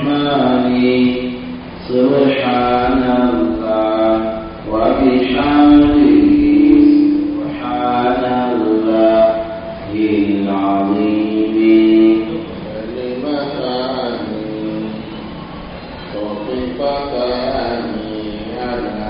الرحمن سبحان الله وبحمده سبحان الله العظيم كلمتان خفيفتان على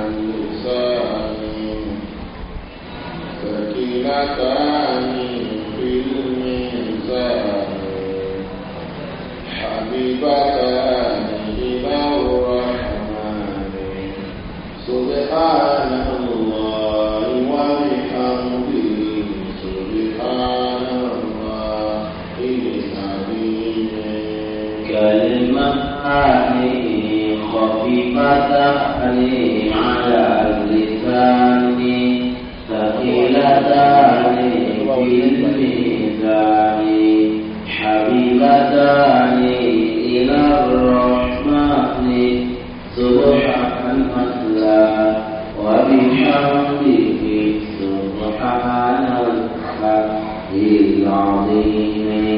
آله خفيفة لي على اللسان ثقيلتان في الميزان حبيبتان إلى الرحمن سبحان الله وبحمده سبحان الله العظيم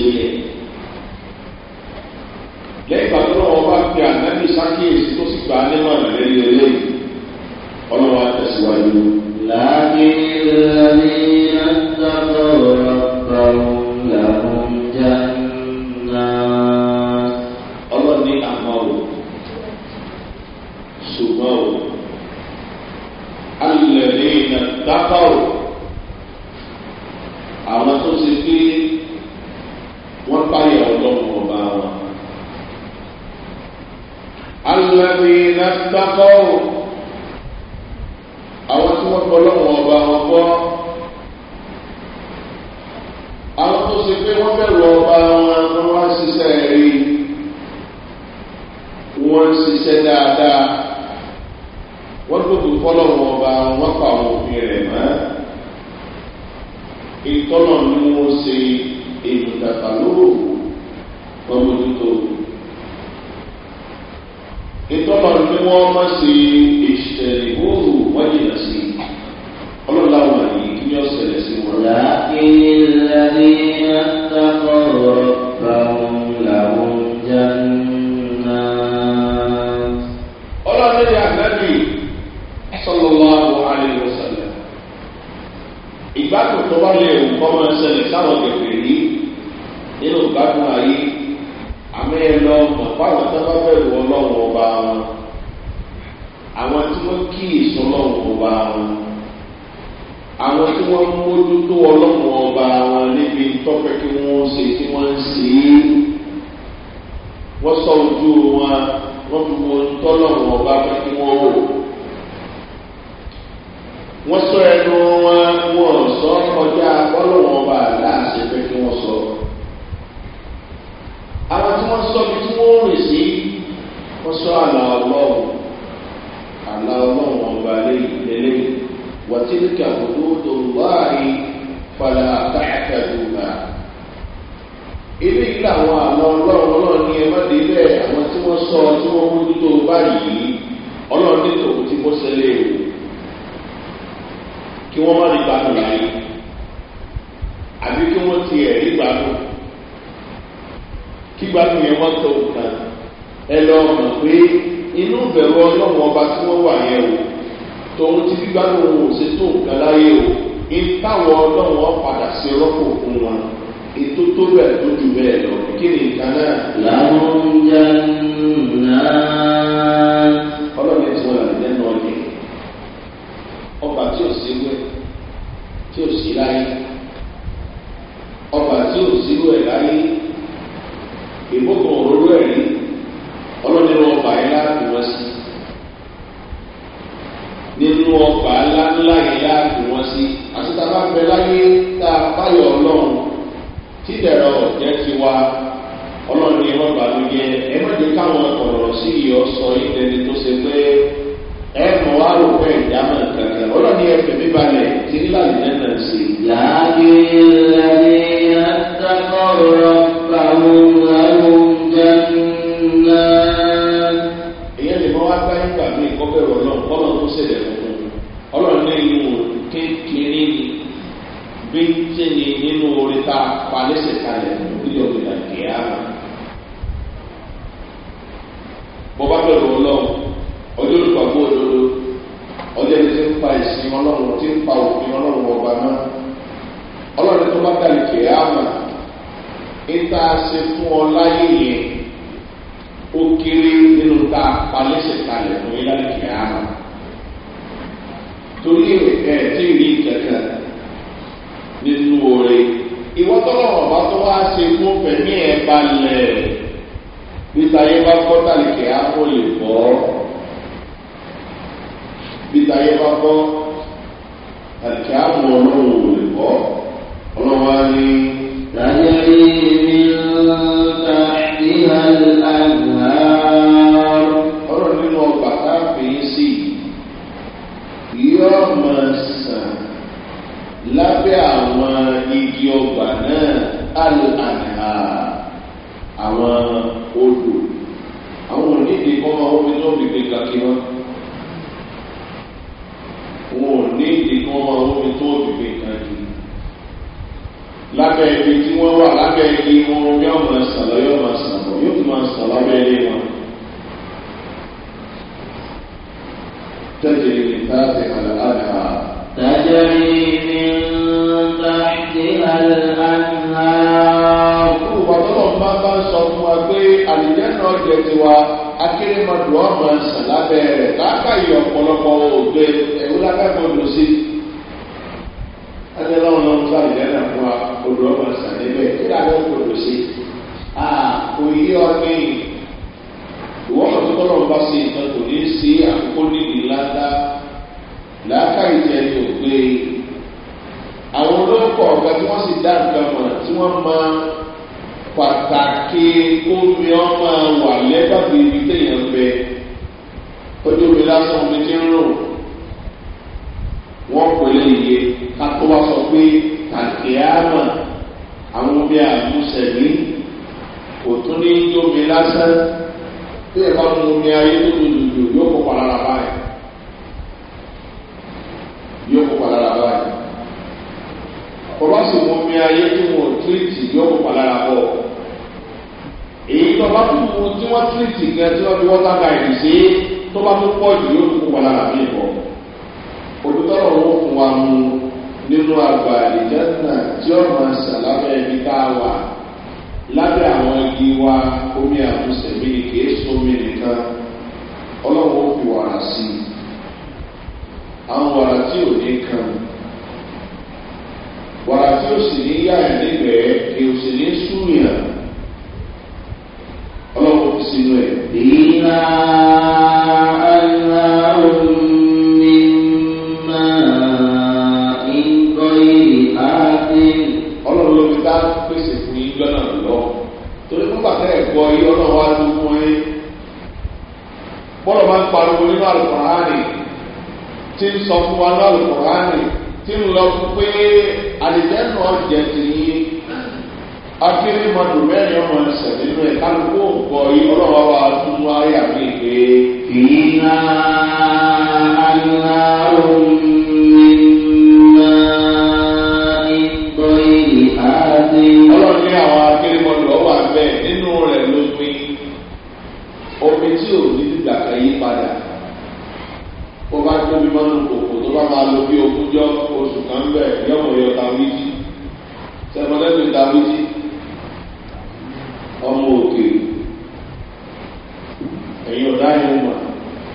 你。pé inú ìbẹ̀rù ọlọ́run ọba tí wọ́n wà yẹn o tòun ti gbígbá lóun ò ṣe tó nǹkan láyé o ìtàwọn ọlọ́run ọ padà sí rọ́pò fún wọn ètò tó bẹ̀ tó ju bẹ́ẹ̀ lọ kí ni nǹkan náà. làwọn oúnjẹ náà. ọlọ́run ẹ̀ tí wọ́n làlẹ́ lẹ́nu ọ̀lẹ́ ọba tí ò sí wẹ́ tí ò sí láyé. wa akérèmọdù ọmọ ṣàlábẹ rẹ lákàyè ọpọlọpọ ògbé ẹwú lákàtà odò sí adéláwọn náà ń bá ìdáná fún wa odò ọmọ ṣàlébẹ kí lábẹ odò sí a òye ọgbìn ìwọ́n tó tọ́lọ̀ ń bá sí ìtàn kò ní sí àkókò nídìí ládàá. wọ́n máa pàtàkì omi ọmọ wà lẹ́bàbí ibi téèyàn bẹ ojú omi lásán omi ti ń rò wọ́n pèlè iye kátó wá sọ pé kàkíámà àwọn omi àmúṣẹ̀lí kò tún ní omi lásán tí ẹ̀ka omi ayé tó dùdù yóò kọ́ pàlára báyìí. pọ̀ jù yóò fún wa lára bí ìbọn olùtọ́rọ̀ wọn fún wa mú nínú àgbà ìjẹ́sìnà tí ó máa ṣàlàyé ẹni tá a wà lábẹ́ àwọn igi wa omi àtúnṣe mi ni kì í sómi nìkan ọlọ́wọ́ fi wàrà sí i àwọn wàrà tí ò ní kan wàrà tí ó sì ní yá ẹ̀ nígbẹ̀ẹ́ kì ó sì ní súnyà ọlọ́wọ́ fi sínú ẹ̀ èyí bọ́lọ̀ máa ń pariwo nínú alùpùránì tí ń sọ fún wa ní alùpùránì tí ń lọ fún pé àlìjẹ́nu ọ̀jẹ̀ ti yí akérèmọdù mẹ́rin ọmọ ẹsẹ̀ nínú ẹ̀ kálukú òkò yìí ọlọ́wọ́ wa tún wá yà mí pé. ìyá aláwọ̀ nínú ìgbọ́ yìí àyípadà ó bá tóbi mọ́nú kòkò tó bá máa lo bí ogúnjọ́ oṣù kan bẹ̀ yọ̀mọ̀ yọ tàwíjì sẹ́mọ́lẹ́bí tàwíjì ọmọ òkèèrè ẹ̀yin ọ̀dá yẹn mọ̀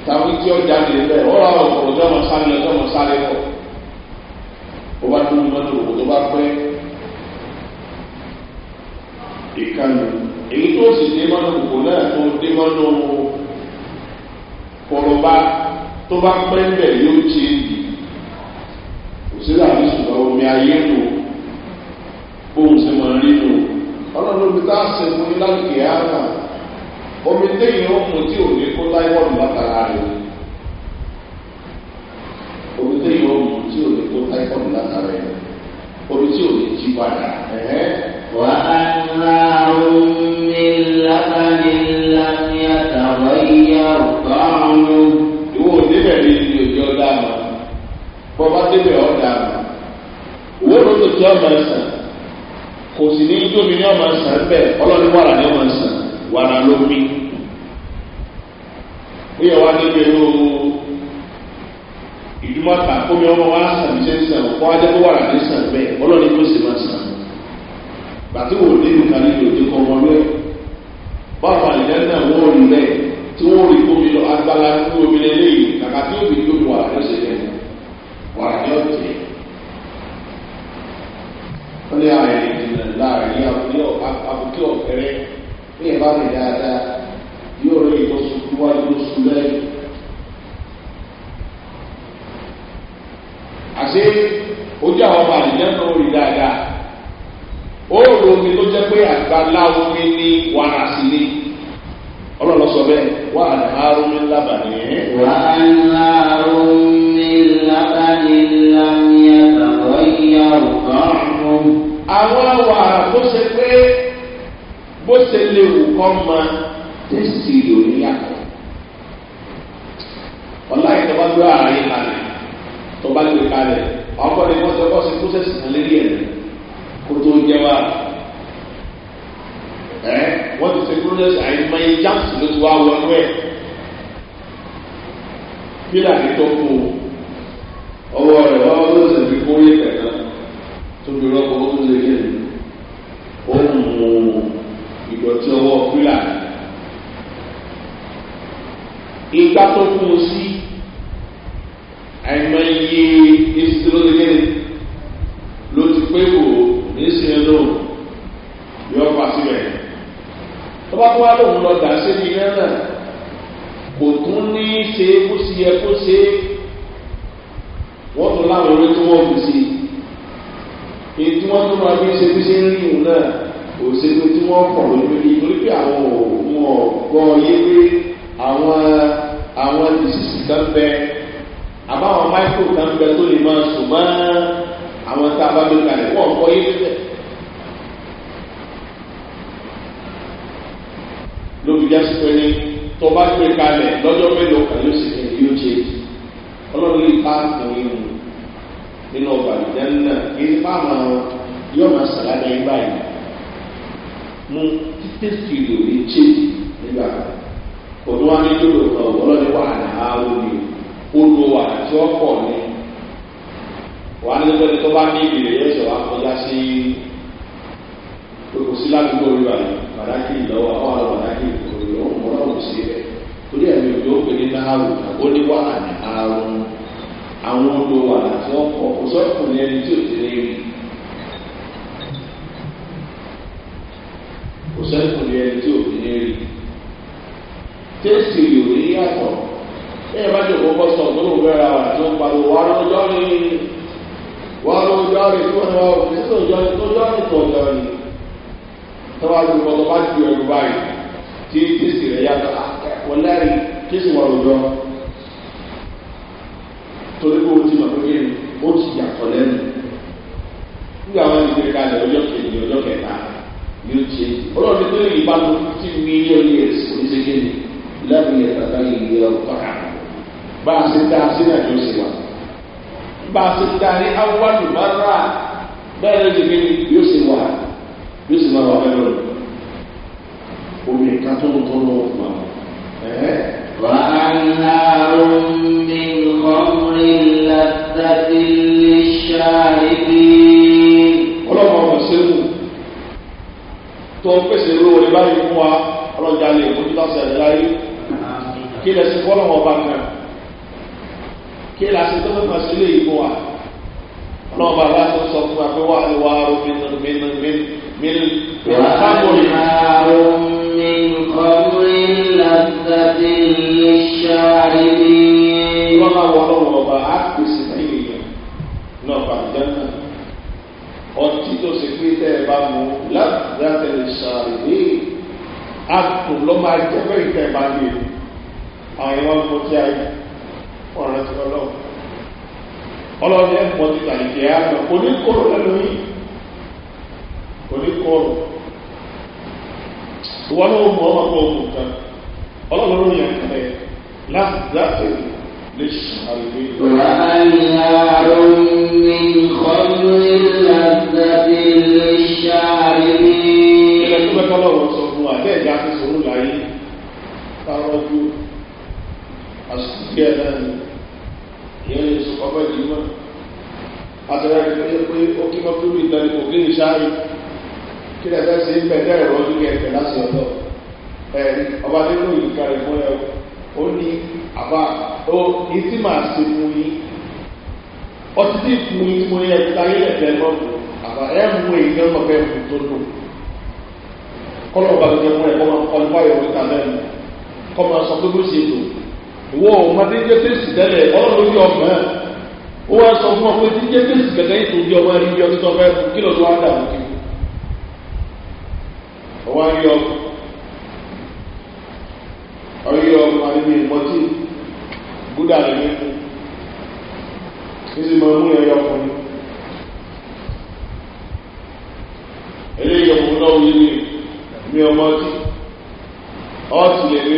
tàwíjì ọjà lè bẹ̀ ọ̀rọ̀ ọ̀pọ̀ ọ̀dọ́mọ̀ sáré ọ̀dọ́mọ̀ sáré pọ̀ ó bá tóbi mọ́nú kòkò tó bá pẹ́ ìkànnì èyí tó sì dé mọ́nú kòkò náà tó dé mọ́nú tó bá pẹ́ bẹ̀ yóò ṣe é yìí kò sí láti ṣùgbọ́n omi ayé nù bóun ṣe máa rí nù ọlọ́run omi tá a ṣe fún yín láti kìí omi téèyàn mú tí ò ní kó láìpọ́ọ̀lù látara rẹ̀ ìgbà tó fún un sí àìmọ iye èsì ló lé ló ti pé wò ní sinmi lóhùn yọ pa síbẹ̀ tó bá tó wá lóhùn lọ dà síbi náà kò tún ní ṣe kó sí ẹ kó ṣe wọ́n tún láwọn ewé tó wọ́n fi sí èyí tí wọ́n tún máa fi ṣe bí ṣe ń rí òun náà òṣèlú tí wọ́n kọ̀ lórí torí pé àwọn òun ọ̀gbọ́n yé pé àwọn àwọn disisi kan bẹ àbáwọn micro kan bẹ tó lè máa sùn mọ́ àwọn tá a bá lè kalẹ̀ wọ́n kọ́ yé fẹ́. lóbi jásí pé ní tó bá gbé kalẹ̀ lọ́jọ́ mélòó kan yóò sì kẹ́ yóò ṣe ọlọ́run lè bá àwọn ìlú nínú ọgbà ìdáná náà kí ní fáwọn yóò máa sàlàyé báyìí mú títí fìlò lè ṣe nígbà kan wá ní lòlò kan wọ́n ní wàhálà àwọn omi odò wà tí wọ́n pọ̀ ní wàá ní lọ́jọ́ tó bá ní ìbìlẹ̀ yẹn sọ̀rọ̀ akọjá sí kò sí ládùúgbò rí báyìí pàdákì ìlọ́wọ́ àwọn àwọn pàdákì ìkòrò ọ̀hún ọlọ́run sí rẹ̀ torí ẹ̀mí òjò ó pè ní náhàrù ó ní wàhálà àrùn àwọn odò wàhálà tí wọ́n pọ̀ kò sọ́ọ̀kù ní ẹni tí ò ti rí rí. kò sọ́ọ̀kù ní ẹni tí ò téèsì rè ò ní yàtọ̀ bẹ́ẹ̀ bá jòkó bọ́sọ̀ tó ló fẹ́ra wà tó pariwo wà lójọ́ ni wà lójọ́ ni tó ní wà òfin tó jọ́ ni tó jọ́ ni tó jọ́ ni tọ́wá ju kọ́tọ́ bá ju ẹ̀rù báyìí tí téèsì rẹ̀ yàtọ̀ ah, wọ́n lẹ́rìí téèsì wà lójọ́ torí pé o ti mọ̀ pé kí ni ó ti yàtọ̀ lẹ́nu nígbà wọn ti gbé kalẹ̀ ọjọ́ kejì ọjọ́ kẹta ni ó ti ọlọ́run tó yẹ ìbámu ti mi ní ẹ̀sìn lẹ́nu ìyẹ̀tàtà ìlú ọ̀tọ̀ka bá a ṣe dá a sílẹ̀ tó ṣe wà bá a ṣe dá ní awọ́dù bá rà bẹ́ẹ̀ ló ṣe kéde yóò ṣe wà yóò ṣe máa wà bẹ́ẹ̀ lọ́dọ̀ omi ìka tó ń tọ́ lọ́wọ́ fún wa. وأنهار من خمر لذة للشاربين ọlọ́mọ ọmọ sẹ́wọ̀n tó ń pèsè lóore báyìí fún wa ọlọ́jà lè mójútó àṣà ìdáyé kí lè ṣe fọ́nà wọn bá kan kí lè ṣe tó fẹ́ fà sílé ìbò wa ọlọ́run bàbá tó sọ fún wa pé wà á lè wá aró mi nù mí nù mí mí nù kábòlì. aró mi kọ́rin lásàdé ṣáàrí ni. lọ́nà wọn lọ́wọ́ ọba á pèsè lẹ́yìn ìyẹn náà bàjẹ́ náà ọtí tó ṣe pé tẹ́ ẹ bá mú lásàdé ṣáàrí ni àtùn ló máa jẹ́ pé ìtẹ́ bá mú àwọn ìwọ́n mú kí ayé ọ̀rọ̀ ti ọlọ́run ọlọ́run ẹ̀ pọ̀ ti tàìkì àmọ́ oníkóró lẹ́nu yìí oníkóró ìwọ́n náà mú ọmọ pọ̀ òkú kan ọlọ́run yẹn kàn láti dáṣẹ́ lè ṣàlùwé. wà sọ fún wa ti sọ̀rọ̀ láyé táwọn àsìkò díẹ̀ náà ni ìyẹn lè sọ ọgbẹ́ ìlú mọ́ àtẹ̀rẹ́ àgbẹ̀fẹ́ pé ó kí wọ́n tóbi ìdánimọ̀ òkè ìṣááyì kí lè fẹ́ ṣe bẹ̀rẹ̀ ẹ̀rọ ní kẹfẹ́ láti ọ̀dọ̀ ẹ̀rí ọba nínú ìkàrẹ̀ fún ẹ ó ní àbá ó ní tí màá ṣe fún yín ọtí tí fún yín mo yẹ táyé ẹ̀fẹ́ mọ́ àbá ẹ̀ mú èèyàn mọ̀ fẹ́ fún tó lò kọ́lọ̀ ọba tó jẹ́ fún ẹ̀ kọ́ máa kọ́ nípa ìwé kàlẹ́ mi kọ́ máa sọ pé bó ṣe lò ìwọ ọmọdé jẹ́ fèsì tẹ́lẹ̀ ọlọ́run lórí ọmọ ẹ̀ ó wá sọ fún ọmọdé jẹ́ fèsì kẹ̀kẹ́ yìí tó di ọmọ rí bí ọdún tó fẹ́ fún kílò tó wá dà mú kí ọwọ́ rí ọmọ ọrí ọmọ àlejò ìmọ̀tí gúdà ní ẹyọ ọkùnrin eléyìí náà wí ní mi ọmọ ọtí ọtí lè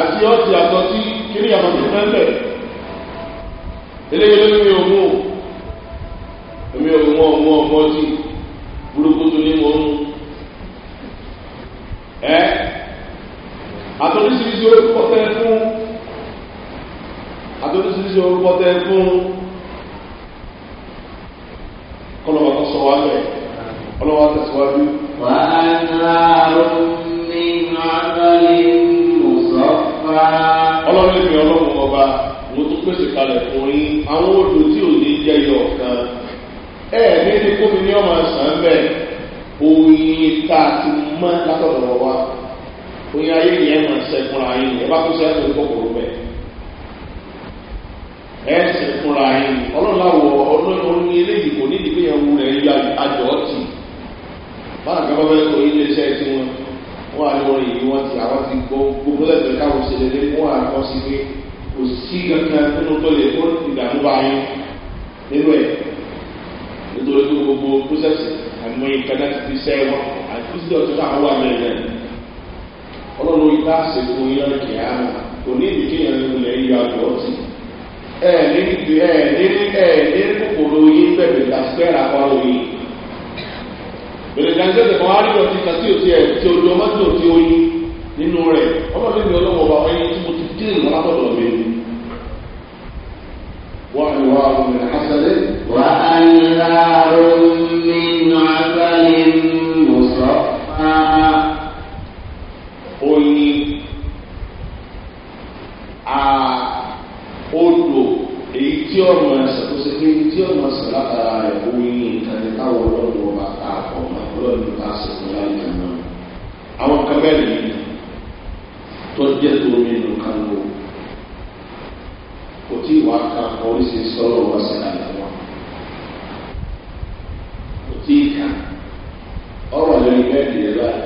àti ọ̀tí àtọ̀ tí kíní àmọ̀ tó fẹ́ bẹ̀. eléyìí ló mi ò mú èmi ọmọ tí burúkú ní mò ń ẹ àtọ̀nísìírísì orúkọ tẹ fún àtọ̀nísìírísì orúkọ tẹ fún kọlọ́wọ́ tó sọ wá bẹ̀ ọlọ́wọ́ tẹ̀síwájú. wàá nà ọ̀rùn ní àgbàlẹ̀. ọlọ́run ìfẹ́ ọlọ́run ọba mo tún pèsè kalẹ̀ fún yín àwọn odò tí ò ní jẹ́ yọ kan ẹ̀ẹ́dẹ́ ní kómi ní ọmọ sàn bẹ́ẹ̀ oyin tá a ti mọ́ látọ̀dọ̀ wa oyin ayé yẹn mọ̀ sẹ́kùnra yín ẹ bá kó sẹ́kùn kòkòrò bẹ́ẹ̀ ẹ sẹ́kùnra yín ọlọ́run láwọ̀ ọlọ́run àjọ kọ́ wọ́n á lórí yìí wọ́n ti àwọn ti gbọ́ gbogbo lẹ́gbẹ̀ẹ́ káwọn ṣe lé lé wọ́n á kọ́ sí pé kò sí kankan nínú tó lè kó ìdààmú bá yín nínú ẹ̀ nítorí pé gbogbo pósẹ̀sì àmọ́ ìkànnà ti fi sẹ́ wọn àti pósẹ̀sì ọ̀tún náà wà bẹ́ẹ̀ bẹ́ẹ̀ ọlọ́run ìta àṣekù yíyan kìá kò ní ìdíkéyàn nínú ilẹ̀ yíya ọ̀dọ́ ti ẹ̀ẹ́dẹ́gbẹ̀ẹ́ ẹ̀ẹ́dẹ́gbẹ̀ẹ́ kòkòrò yín bẹ̀rẹ̀ àti bẹ́ẹ̀ bèrè ìdájọ́ ìdẹ̀kọ́ wá rí ọtí kan tí ò ti ẹ̀ tí ojú ọmọ tí ò ti oyin nínú rẹ̀ ọmọ mi ọlọ́wọ́ wa wáyé tí mo ti dín ìlú látọ̀dọ̀ mi. wọ́n á wá ọmọ rẹ̀ hásẹ̀lẹ̀. wà á ń ra omi nù abáyé mọ̀sọ́. oyin odò èyí tí ọmọ ẹ̀sẹ̀ tó ṣe pé tí ọmọ ẹ̀sẹ̀ látara rẹ̀ oyin ìkànnì táwọn ọlọ́run ọba ọlọ́run ní ká sọ fún láyé àná àwọn kan bẹ́ẹ̀ ni tó jẹ́ tó mi nù kan lò kò tí wàá ka oríṣiríṣi sọ́lọ́ wá sí àyà kò tí ì kà ọ̀rọ̀ lórí bẹ́ẹ̀ ni ẹ̀ báyìí.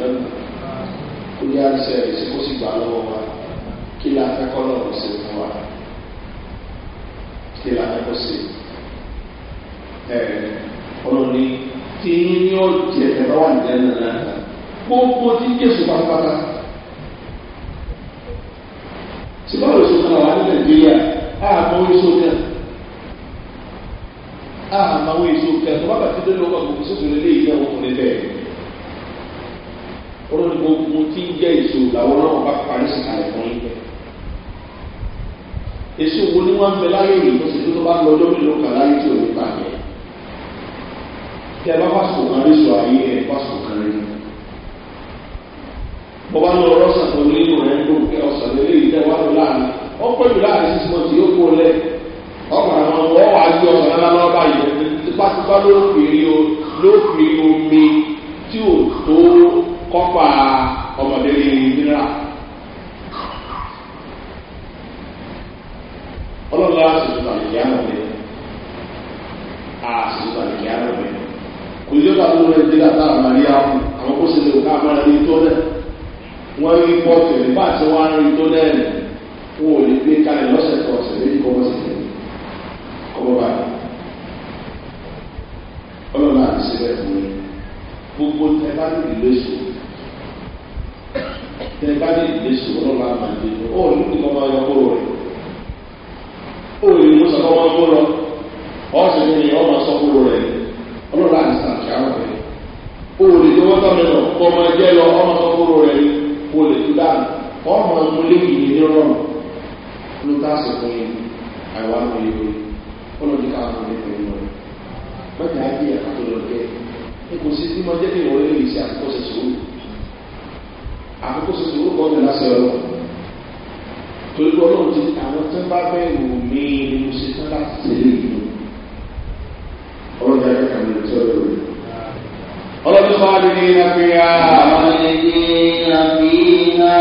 àlùjọ́nù kó yá iṣẹ́ rẹ̀ sí kó sì gbà lọ́wọ́ wa kí la fẹ́ kọ́ lọ́wọ́ sí fún wa kí la fẹ́ kó sí ẹ̀rẹ̀ ọlọ́ni tí yín ní ọ̀jẹ̀ ẹ̀rọ wà ní ẹ̀rọ náà gbogbo tí jésù pátápátá ṣùgbọ́n òṣèlú náà wà ní nàìjíríà àmọ́ oríṣi náà àmọ́ oríṣi náà tó bá bàtí dé lọ́wọ́ àgbègbè sókè lélẹ́yìn náà wọ́n kò bẹ́ẹ̀ olórí gbogbo tí ń jẹ́ èso làwọn náà bá parí sìkàlẹ̀ fún yín. èso wo ni wọ́n ń bẹ láyé òní tó ṣe tó bá lọ ọjọ́ mélòó kan láyé tí òní bá yẹ. tẹ bá pàṣẹ kan ní sọ ayé ẹ pàṣẹ kan rí. bọ́ bá lọ ọlọ́sàn tó ní ìlú rẹ̀ ń dùn kí ọ̀sán lè léyìí tẹ́ wá lọ láàrin wọ́n pẹ̀lú láàrin sísun ọtí yóò kó lẹ ọkọ̀ àwọn ọmọ wa kọ́fà ọmọdé ní mìíràn. ọlọ́lá àṣìṣe tàbí ìyá náà lé àṣìṣe tàbí ìyá náà lé kò yíyọ́ ká tó lóore dídá tá a máa rí àwọn àwọn kó ṣe lè ká máa rí tó dẹ̀ wọ́n rí pọ́ọ̀tù nígbà tí wọ́n á rí tó dẹ̀ wọ́n ò lè gbé kalẹ̀ lọ́sẹ̀ tó ọ̀sẹ̀ lórí kọ́mọ́ sí i kọ́mọ́ báyìí ọlọ́lá àṣìṣe rẹ̀ fún mi gbogbo ẹ bá nílùú lóṣù tẹ bá ní ìdílé sùn ọlọ́run máa máa dé ọ ní kí wọ́n máa yọ kóró rẹ̀ ó lè mú sọ́kọ́ máa kó lọ ọ́ sì ní ìyẹn ọmọ sọ kóró rẹ̀ ọlọ́run àti sàǹkì àwọn rẹ̀ ó lè tó wọ́n tọ́ mi lọ kọ́ máa jẹ́ lọ ọmọ sọ rẹ̀ ó lè tó dáa ọmọ ọmọ lẹ́yìn ní rọrùn ló tá sọ fún yẹn àìwá ló yẹ ọlọ́run ká àkókò sí ìwé kọ́ ọ̀dọ̀ láti ọ̀rọ̀ torí pé ọlọ́run ti àwọn tó ń bá bẹ́ẹ̀rù mi ni mo ṣe tán láti tẹ̀lé ìlú ọlọ́run yàrá kàmí ọ̀tí ọ̀rọ̀ rẹ̀ ọlọ́run fún adìrí àfihà àwọn ẹ̀dẹ́ àfihà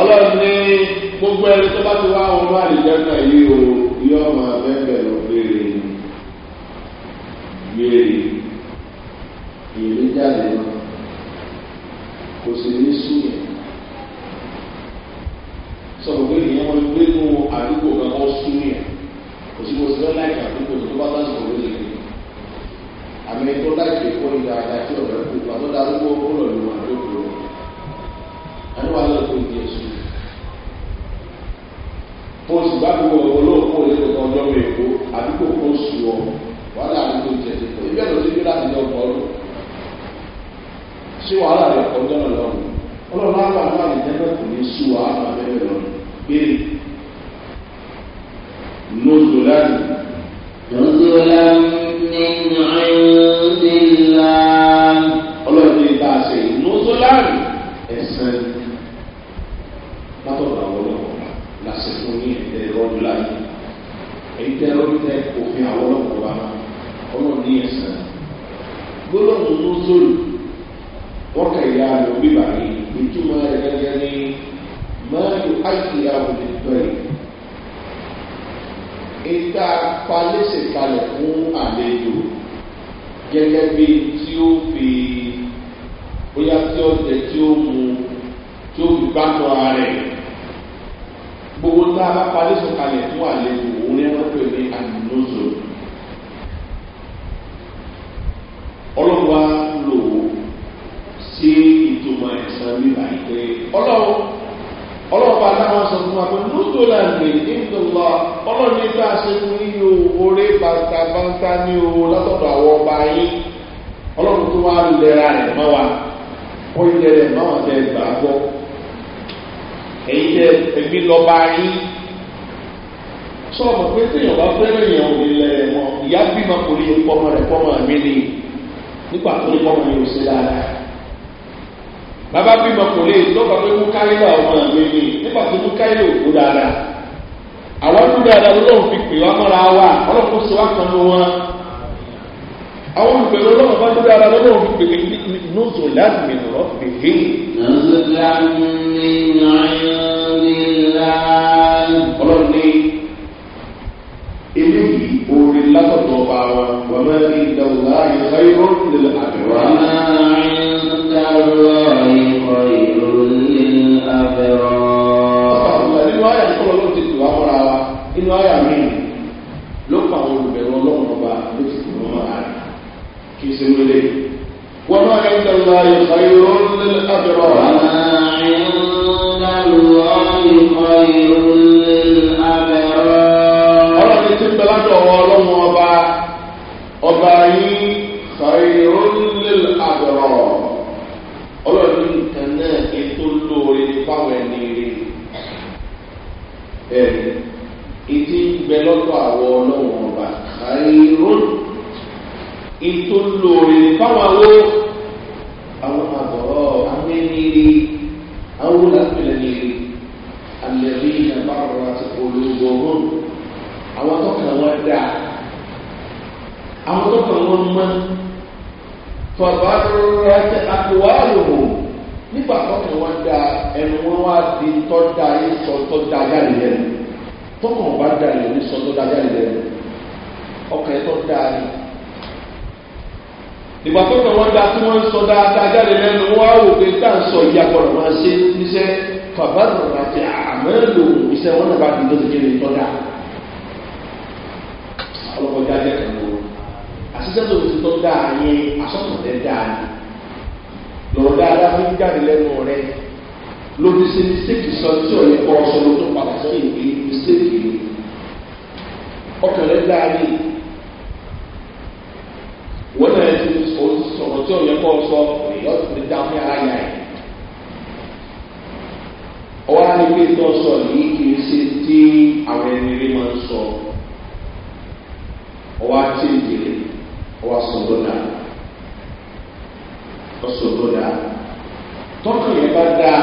ọlọ́run ní gbogbo ẹni tó bá ti wá ọmọ àdìjẹ́ta yìí o yóò máa bẹ́ẹ̀ lọ béèrè béèrè ìrìn jáde náà kò sì ní súnmù sọ̀rọ̀ pé ìyẹn wọn gbé nù àdúgbò kan kọ́ súnmù yẹn kò sí kò sí lọ́ọ́ láìka àdúgbò tó bá bá sọ̀rọ̀ lóde kí àmì tó láìka ìkọ́ ní dáadáa tí ọ̀rẹ́ kú pàtó darúgbó ó lọ lù wọn tó kúrò ẹni wàá lọ́ọ́ tó di ẹ̀sùn mo sì bá gbogbo olóòkú olóòkú ọjọ́ mi èkó àdúgbò kó sùn ọ wàá dà àdúgbò sí wàhálà rẹ̀ kọjá náà lọ́rùn ọlọ́run àgbà náà lè jẹ́ bẹ́ẹ̀ kò ní sí wàhálà bẹ́ẹ̀ lọ́rùn béèrè nódò láti. nódò láti ní ìrìn there can be sí dáadáa. bàbá bímọ kò lè lọ́kọ̀ pé mú káyọ̀ ọmọ mi ni nígbà tó mú káyọ̀ òkú dáadáa. àwọn ọdún dáadáa ló lóun fi pè wá mọ́ra wa ọlọ́kùn sí wá kan ló wọn. àwọn olùgbèrè ọlọ́run bá dúró dáadáa lọ́wọ́ fi pè ní nùzò láti mi lọ́ fi hé. nùzò ọlọ́run ní eléyìí orin látọ̀tọ̀ ọba wa wọ́n máa ń da ọ̀la ìfọ̀ ìfọ̀ nílẹ̀ àbẹ̀wò. wọ́n máa ń da ọ̀la ìfọ̀ ìfọ̀ nílẹ̀ àbẹ̀wò. ọ̀sán nínú àyà tó lọ́wọ́ ti tù wá fúnra wa nínú ọlọ́run ti ń da ọ̀la ọlọ́run ọba yín. tọ́da yín sọ tọ́da jáde lẹ́nu tọ́kàn ọba jáde lẹ́nu sọ tọ́da jáde lẹ́nu ọkàn yẹn tọ́da yín. ìgbà tó kàn wọ́n da tí wọ́n ń sọ dáadáa jáde lẹ́nu wọ́n á wò pé tá à ń sọ ìyàpọ̀ rẹ̀ máa ṣe níṣẹ́ bàbá rẹ̀ máa ti àmọ́ èlò iṣẹ́ wọn náà bá fi lóṣù kéré tọ́da. ọlọ́kọjá jẹ́ kàn ló àṣìṣẹ́ tó ti tọ́ dáa yẹn asọ́tọ̀ lẹ́ dáa lọ́rọ̀ dáadáa fún jáde lẹ́nu rẹ̀ ló fi ṣe mistake sọ tí ò ní kọ́ ọ sọ́dún tó padà sẹ́yìn pé mistake yìí ọkàn rẹ̀ dáa ní wọ́n náà ti sọ̀rọ̀ tí ò yẹ kọ́ ọ sọ èèyàn ti fi dáa fún ara yà ẹ̀ ọwọ́ á ní pé tó sọ yìí kì í ṣe tí àwọn ẹni rí máa ń sọ ọwọ́ á ti ń jèrè ọwọ́ á sọ̀rọ̀ dáa ọ̀sọ̀rọ̀ dáa yẹn bá dáa.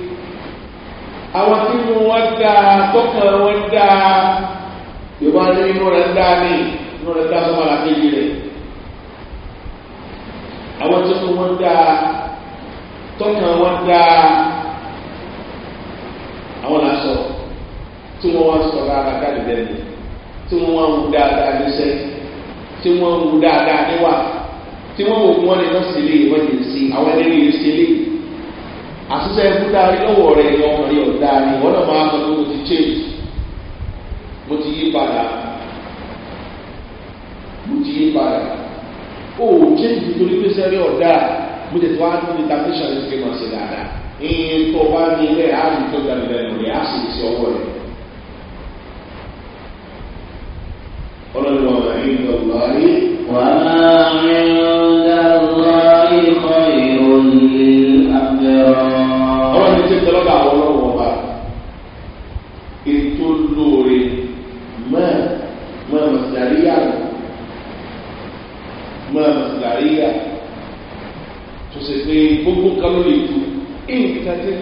àwọn tí mo wọn dáa tọkàn wọn dáa yorùbá ní inú rẹ dáa ní inú rẹ dáa sọmọ làkejì rẹ àwọn tí mo wọn dáa tọkàn wọn dáa àwọn là sọ tí wọn wá sọ rárá káàdì lẹnu tí wọn wá wù dáadáa níṣẹ tí wọn wù dáadáa níwà tí wọn wò wọn lè lọ sílé wọn lè sí àwọn ẹni lè sílé àtúnṣe ẹkú dárí lọ́wọ́ rẹ̀ ni ọmọ rẹ̀ ọ̀dá ni wọ́n náà máa mọ pé mo ti change mo ti yí padà mo ti yí padà ó change nítorí pé sẹ́rí ọ̀dá mo tètè wá ní determination ní ṣe máa ṣe dáadáa ìyẹn tó bá ní ilé ààrùn tó dàbí lẹ́nu rẹ̀ á sì ṣe ọwọ́ ọlọ́run ọ̀rọ̀ yìí lọ́wọ́ rí wàhálà rẹ̀. that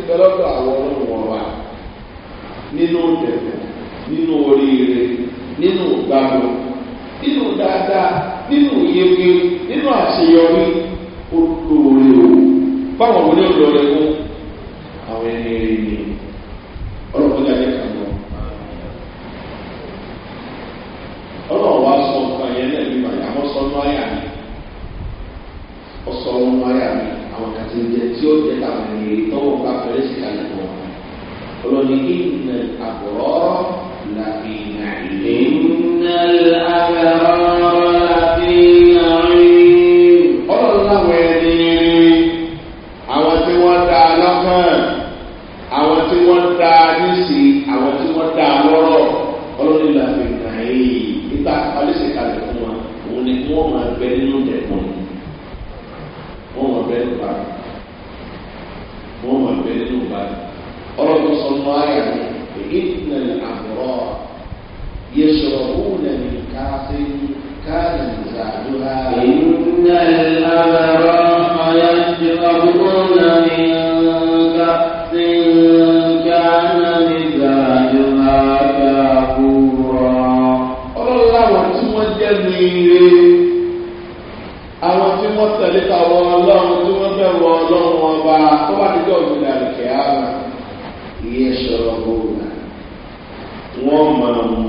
wọ́n máa mú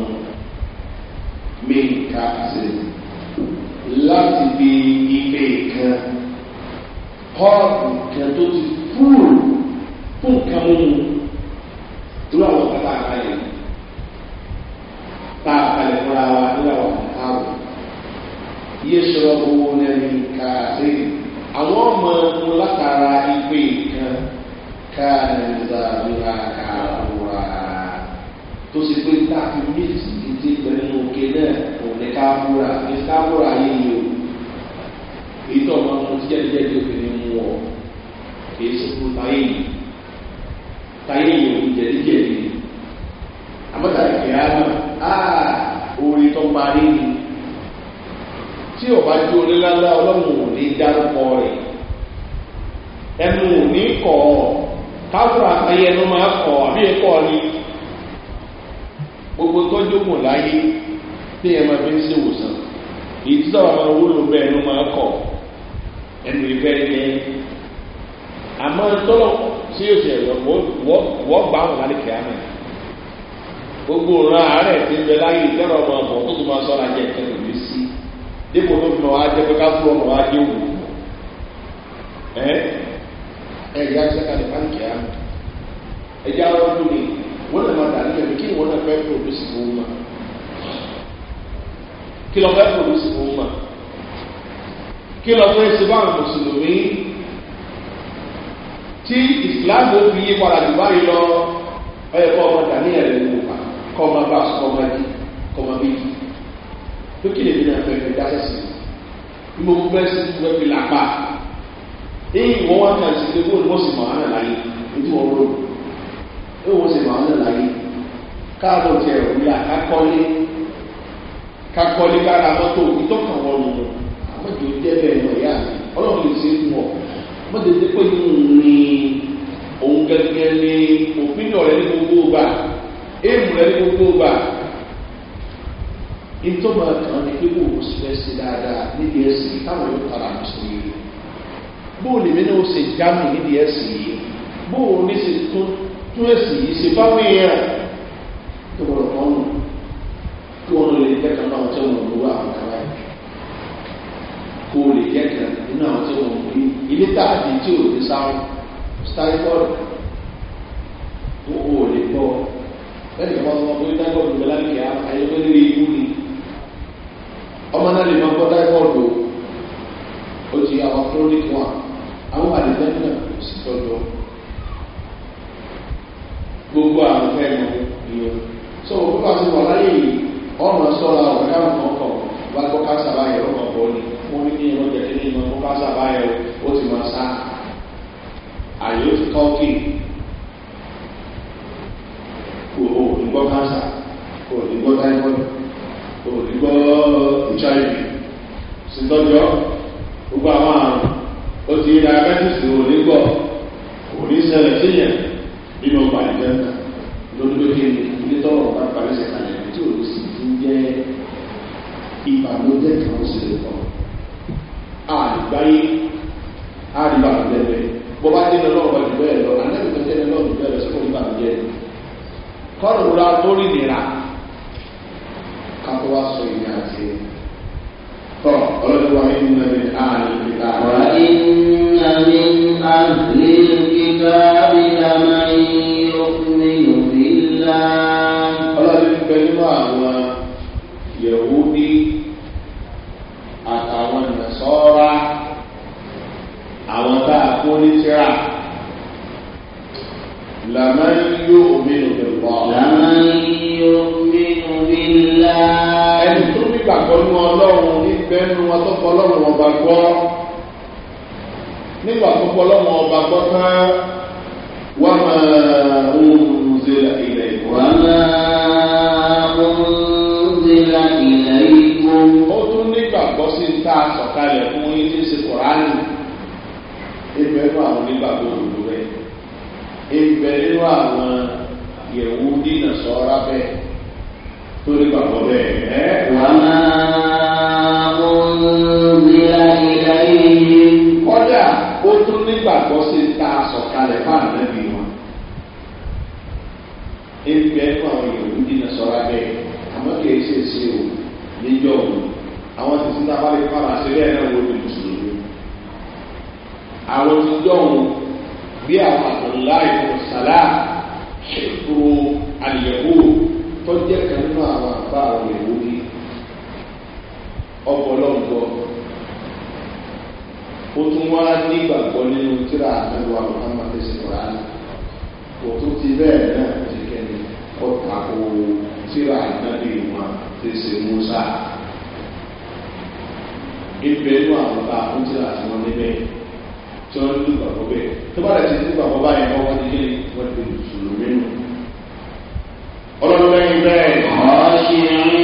mẹ́ka sí láti fi ilé kan pọ́ọ̀bù kan tó ti kúrò fún nǹkan mú nínú àwọn kàtà àkàlẹ̀ tá a kàlẹ̀ fúnra wa nínú àwọn kàtà àwọ̀ yíyẹ sọ̀rọ̀ owó lẹ́nu kàtà àwọn ọmọ ọmọ látara ìgbé kan káàdì ìgbà ìgbà tó ṣe pé tá a fi méjì títí pẹ̀lú òkè náà òun ní ká múra ní ká múra yé yìí o èyí tó ọmọ ọmọ tíjẹ́ tíjẹ́ tó fi ní mú ọ èyí tó fún táyé yìí táyé yìí òun jẹ́ tíjẹ́ yìí àbọ̀tà ìfẹ́ àmọ́ á orí tó parí ni tí ọba jó onílálá ọlọ́run ò ní dárúkọ rẹ̀ ẹnu ò ní kọ̀ ọ́ káfíńà ayẹnu máa kọ̀ àbí ẹ̀kọ́ ni gbogbo tọ́jú mọ̀ láyé tí ẹ máa fi ń ṣe ìwòsàn èyí tí sábà máa wúlò bẹ́ẹ̀ ló máa kọ̀ ẹnu ìfẹ́ rẹ̀ àmọ́ tọ́lọ̀ sí òṣèlè wọ́n gbà wọn lálẹ́ kìá náà gbogbo ọ̀ràn àárẹ̀ ti ń bẹ láyé ìtẹ́rọ ọmọ ọ̀pọ̀ tó tó máa sọ́ra jẹ ìtẹ́rọ ìlú sí dípò tó fi máa jẹ pé ká fún ọmọ wa òwò ẹ ẹ ìyá sẹ́kàlẹ̀ báńkì á ẹ jẹ́ àwọn ọdún nìyí wọ́n lè máa dà nílẹ̀ pé kí ìwọ náà fẹ́ pòdúsì fún un mà kí lọ fẹ́ pòdúsì fún un mà kí lọ fẹ́ ṣe báwọn mùsùlùmí tí ìsìláàmù fi yí padà jù báyìí lọ ọyẹ kọ́ ọmọ dà nílẹ̀ lè wò pa kọ́ ọmọ bá sọ ọmọ yìí kọ́ ọmọ bíi tó kí lèmi náà fẹ́ fi dá sẹ́sì bí mo fẹ́ sí mo fẹ́ làpá èyí wọ́n wá kàn sí pé bóun ni wọ́n sì mọ̀ ọ́nà láyé ojú wọn rọrùn ó wọ́n sì máa ń nà láyé káàbọ̀ tiẹ̀ òwúlà kákọ́lé kakɔli k'ara mɔtò ìtɔkà wọn lò lò amadu dẹbẹ ẹnọ ya ɔlọrun lè se wọ mọtò tẹ pé nùní òun gẹgẹ ní òpinnu rẹ ní gbogbo gbà éèmù rẹ ní gbogbo gbà ìtọ́mọ kan ní pípò òsìlẹ́sì dáadáa nídìí ẹ̀sìn táwọn yóò tara àtúnṣe yìí bóòlù mi ní o ṣe jámù nídìí ẹ̀sìn yìí bóòlù mi sì tún nínú èsì yìí ṣe fáwọn èèyàn tó wọ́n kọ́ ọ́nù kí wọ́n lè jẹ́ kan náà tẹ́ wọ́n lówó àwọn kan láì kó lè jẹ́ kan nínú àwọn tẹ́ wọ́n lówó ilé tààdì tí ò ní sáwọn stáífọ́ọ̀dù ó ò lè gbọ́ lẹ́yìn ìgbà wọn kó táífọ́ọ̀dù bẹ́ẹ̀ láti kẹ́ ayẹyẹ lórí ikú ni ọmọ náà lè máa gbọ́ táífọ́ọ̀dù ó ti àwọn chronic one. gbogbo àwọn fẹ́ mọ ìyẹn so pípa ti wà láyé yìí ọ̀nà sọ́la ọ̀gá nǹkan kan wá gbọ́ káṣá báyẹ̀ ọkọ̀ bọ́ ni mo ní ní ìran jẹ̀dẹ́ ní ìran fún káṣá báyẹ̀ ó ti máa sá àyè ó ti kọ́ kí òhò ìgbọ́ káṣá òhò ìgbọ́ táìpọ́ọ̀dù òhò ìgbọ́ HIV sì àwọn ti dọ̀hún bí àwọn àbọ̀lá ìfọ̀sálà ṣètò àyẹ̀wò tó jẹ́ kan nínú àwọn àbá àwọn ìyẹ̀wò ní ọ̀pọ̀lọpọ̀ ó tún wá nígbàgbọ́ nínú tíra àtàwọn àwọn amáfẹ́sẹ̀ kọ̀ọ̀rán kò tún ti bẹ́ẹ̀ náà ti kẹ́ni ọ̀tà kò tíra àtàwọn ìwọ̀n fèsì musa ìbẹ̀rù àwọn tá a kún tíra àtàwọn níbẹ̀ tí wọ́n ní ìgbàgbọ́ bẹ́ẹ̀ tó bá dàtí ní ìgbàgbọ́ báyìí wọ́n wọ́n ti gé wọ́n ti mùsùlùmí nù. ọlọ́run lẹ́yìn bẹ́ẹ̀. ọ̀ṣìnrìn bí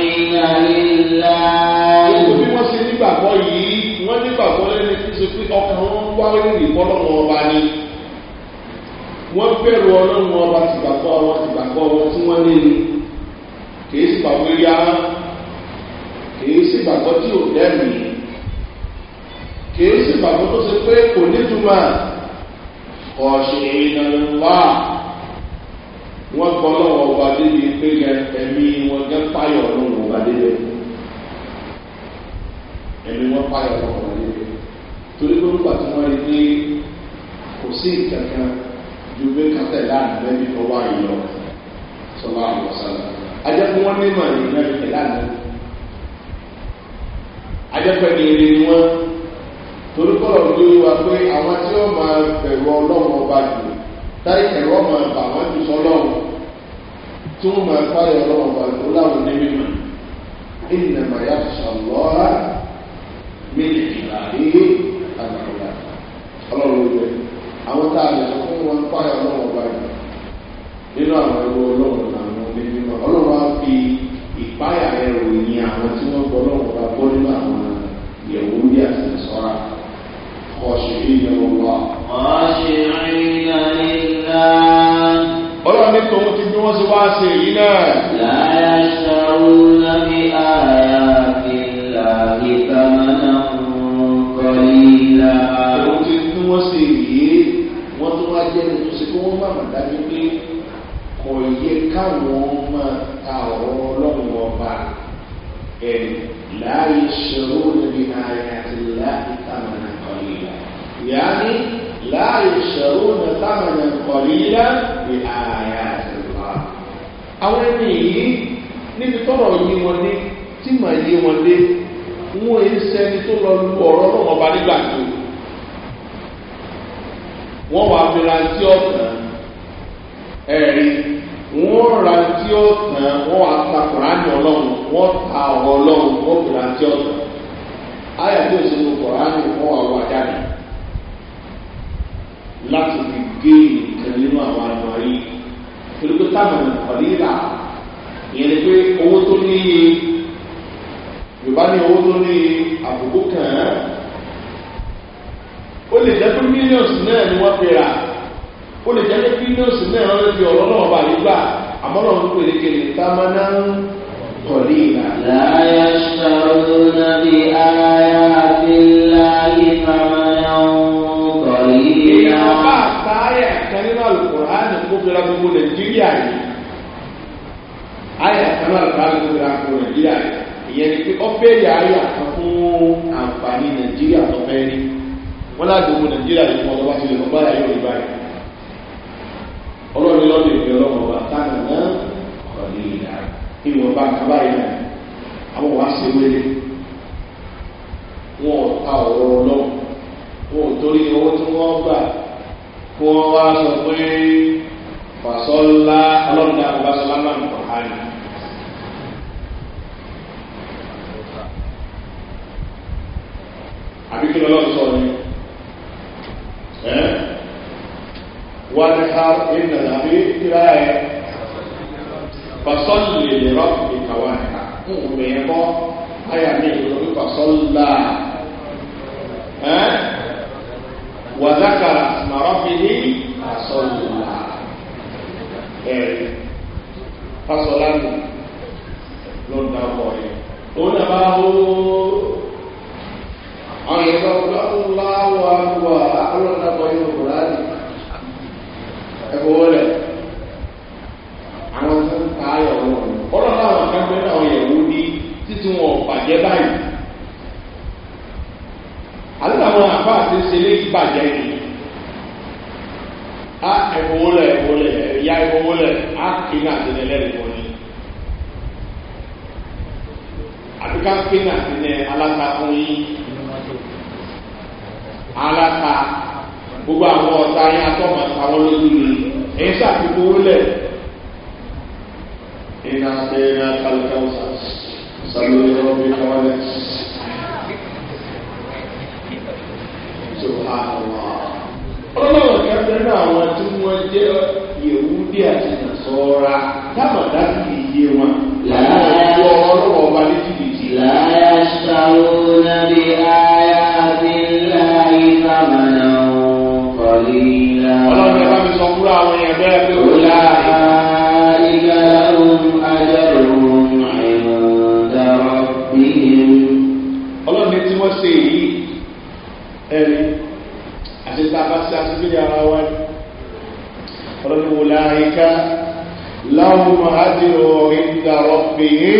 wọ́n ṣe nígbàgbọ́ yìí wọ́n nígbàgbọ́ lẹ́ni tí ṣe pé ọkàn wọn wá rírì bọ́lọ́mọ ọba ni. wọ́n bẹ̀rù ọlọ́run ọba tìgbàgbọ́ wọn tìgbàgbọ́ wọn tí wọ́n léni kì í sì gbàgbọ́ yá kì í sì gbàgbọ́ tí ò dẹ́rù yìí kìí sì gbàgbọ́ tó ṣe pé kò nítumọ̀ ọ̀ṣẹ̀ ìnàlá wọ́n gbọ́ lọ́wọ́ ọba débi pé ẹ̀mí wọn gẹ́ páyọ̀ lọ́wọ́ ọba débi ẹ̀mí wọn páyọ̀ lọ́wọ́ ọba débi torí pé nígbà tí wọ́n rí pé kò sí ìkankan ju pé kátẹ́ láàrin lẹ́bi tó wá yìí lọ sọlá àwọn sálà ajẹ́pọ̀ wọn ní ìmọ̀ ìrìn náà ìtẹ̀lá náà ajẹ́pọ̀ ní eré ni wọ́n torí kọ́lọ̀ ló yé wa pé àwọn tí wọ́n máa bẹ̀rù ọlọ́run ọba jù táyì ẹ̀rọ máa bà wọ́n jù sọ́lọ́run tí wọ́n máa fáyọ̀ ọlọ́run ọba jù láwọn ní mímọ́ ìnà màyà sàlọ́ra méjì ìlàrí àgbàlá ọlọ́run ló yẹ àwọn tá a lè sọ fún wọn fáyọ̀ ọlọ́run ọba jù nínú àwọn ẹrú ọlọ́run làwọn ní mímọ́ ọlọ́run á fi ìpáyà ẹrù yìn àwọn tí wọ́n gbọ́ ọlọ́run ọba gbọ́ nínú àwọn ìyẹ̀wò bí àti ìsọ́ra. خاشعين لله خاشعين لله ọlọ́run ní tòun ti bí wọ́n ṣe wá ṣe èyí náà. láyà ṣàrùn lábí àyà ìlà ìtàmánà kọlílà. òun ti bí wọ́n ṣe èyí wọ́n tó wá jẹ́ ẹni tó ṣe kó يعني لا يشترون ثمنا قليلا بآيات الله àwọn ẹni نبي ترى tọrọ yìí تما dé tí mà yé wọn dé wọn èyí sẹni tó lọ lu ọrọ náà wọn bá nígbà tó wọn wà fìlà tí ó tàn ẹrí wọn ra tí ó ta kùránì ọlọrun wọn ta ọrọ ọlọrun wọn fìlà tí ó tàn ayàtò ìṣèlú kùránì wọn wà wà jáde láti fi gé nǹkan nínú àwọn àjọ yìí torípé táwọn ọ̀lẹ́là ìyẹn ni pé owó tó ní yorùbá ní owó tó ní àbùkù kàn án ó lè jẹ́ pé mílíọ̀nù náà ni wọ́n fi rà ó lè jẹ́ pé mílíọ̀nù náà wọ́n fi ọ̀rọ̀ náà bá nígbà àmọ́ náà ń pèlè kele támánà ń kọ̀lé ìlà. láyà nàbí ayé àti. bá àtàyà kan nínú àlùkòránì kó fi ra gbogbo nàìjíríà yìí àyà kan nínú àlùkòránì kó fi ra gbogbo nàìjíríà yìí ìyẹn ni pé ọbẹ̀ yà àyà kan fún àǹfààní nàìjíríà tó fẹ́ ní wọn láti gbogbo nàìjíríà yìí fún ọlọ́wọ́ sílẹ̀ ọgbà yà yóò rí báyìí ọlọ́run lọ́dọ̀ ìfẹ́ ọlọ́run ọba táwọn náà ọ̀rọ̀ ìlà kí ni wọ́n bá kábàáyà àwọn wàá ṣe wéré wọn ò owó tí wọ́n gbà kó wọ́n wá sọ pé fasọ́lá ọlọ́run náà bá sọlámà ń kọ̀ hàn. àbí kí lọ́lọ́ sọ ni wọ́n ní ká ẹ̀yìn náà àbí kíra ẹ̀ fasọ́lù lè lè rọ́ọ̀kì ìkàwá ẹ̀ka ń wò lè yẹn kọ́ ayà mi ìlú fasọ́lá wàzákàrà màrọ́bìnrin àsọ̀lùlà ẹ̀rì fásọ̀lánù ló ń dáwọ̀ ẹ̀. òun náà bá wó àwọn ìlú ọ̀pọ̀lọpọ̀ àwọ̀ àlọ́dàpọ̀ yóò kò láti ẹ̀kọ́ wọlé àwọn tó ń ta ayọ̀ wọn. ọlọ́run àwọn akẹ́kọ̀ọ́ náà yẹ̀ ní títí wọn bàjẹ́ báyìí àti àwọn àfa àti ṣẹlẹ̀ ìbàjẹ́ ni a ẹ̀fọwọ́lẹ̀ ẹ̀fọwọ́lẹ̀ ẹ̀yà ẹ̀fọwọ́lẹ̀ a kéna àtẹnẹ lẹ́nu wọn ni àti ká kéna àtẹnẹ aláta fún yín aláta gbogbo àwọn ọ̀tá yín atọ́mọ̀ àwọn lójú ni èyí sàkókò wọlé ìnáṣẹ́ ìnáṣẹ́ alùpàá sàlùwẹ̀ ọ̀bí kọ́lẹ̀. ọlọ́run kẹfẹ́ náà àwọn tí wọ́n jẹ́ yehudi àti nasọ́ra dábàdá sí iye wọn làwọn ọjọ́ ọlọ́run ọba ní jìbìtì. láyà ṣàwọn nàbí àyà àti láyé sàmànà kọ́lí. ọlọ́run ẹ bá sọ fúra àwọn yẹn bẹ́ẹ̀ pé ṣàtúnṣe ara wa ni ọlọ́dún wò láàríká láwọn mahadi ọ̀rẹ́ ń darọ̀ pé é.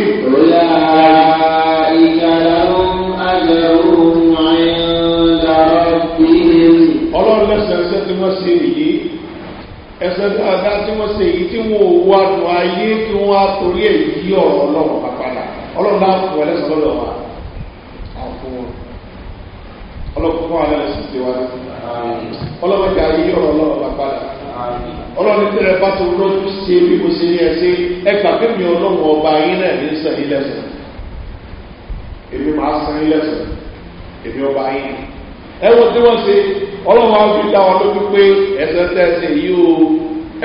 láàríká láwọn àjẹrò ọ̀rẹ́ ń darọ̀ pé é. ọlọ́run lẹ́sẹ̀ ẹsẹ̀ tí wọ́n ṣe èyí ẹsẹ̀ dáadáa tí wọ́n ṣe èyí tí wọ́n ò wá dùn ayé ọlọ́run pàpàdà ọlọ́run náà kò fún wa ọlọ́mọdé ayé ọ̀rọ̀ ọlọ́run bá padà ọlọ́run tí ẹ bá tó lójú ṣe bí mo ṣe ní ẹsẹ̀ ẹ gbà pé mi ọlọ́run ọba yín náà ní sàn yín lẹ́sàn èmi máa sàn yín lẹ́sàn èmi ọba yín ẹ wọ́n tí wọ́n ṣe ọlọ́run wa fi dá wọn lójú pé ẹsẹ̀ tẹ́ ẹsẹ̀ yìí o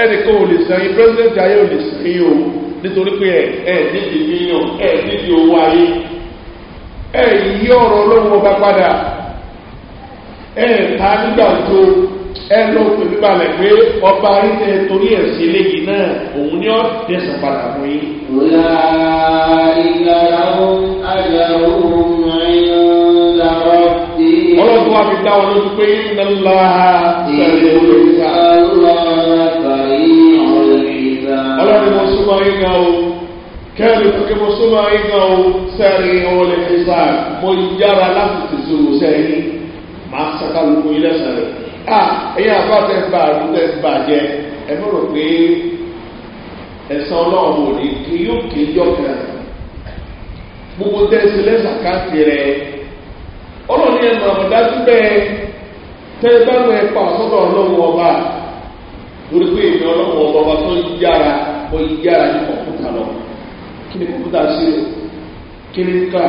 ẹnìkan ò lè sàn yín pírẹsidẹ́ntì ayé ò lè sàn yín o nítorí pé ẹ ẹ nídìí míyàn ẹ nídìí owó ayé ẹ yí ọ̀rọ̀ ọlọ́run ọba padà ẹ ta nígbà tó ẹ lọ pẹ̀lú balẹ̀ pé ọba ayíṣẹ́ torí ẹ̀sìn eléyìí náà òun ni ó dẹ̀sán padà fún yín. ọ̀la ìlànà àjàrò ọlọ́run wa fi dá wọn lójú pé ńlá sẹ́lẹ̀ olóyìnbá. ọlọ́run mo súnmọ́ yín gan o kẹ́rì pé mo súnmọ́ yín gan o sẹ́rìn olóyìnbá mo yára láti tẹ̀sán òṣèlú máa ń saka lóko yín lẹ́sàn rẹ̀ à ẹ̀yin àbá tẹ́ ń bá àrùn tẹ́ ń bà jẹ ẹ mọ̀ rò pé ẹ̀sán ọlọ́run ò ní kí yóò kí yọ kan gbogbo tẹ́ ẹ sí lẹ́sàn káàtì rẹ̀ ọlọ́run yẹn mọ̀ àmọ̀dájú bẹ́ẹ̀ tẹ́ ẹ bá mọ̀ ẹ pa ọ̀sọ́dọ̀ ọlọ́run ọba lórí pé ìmọ̀ ọlọ́run ọba ọba tó yára ó yára ní kọ̀ǹpútà lọ kí ni kọ̀ǹpútà sí o kí ni ká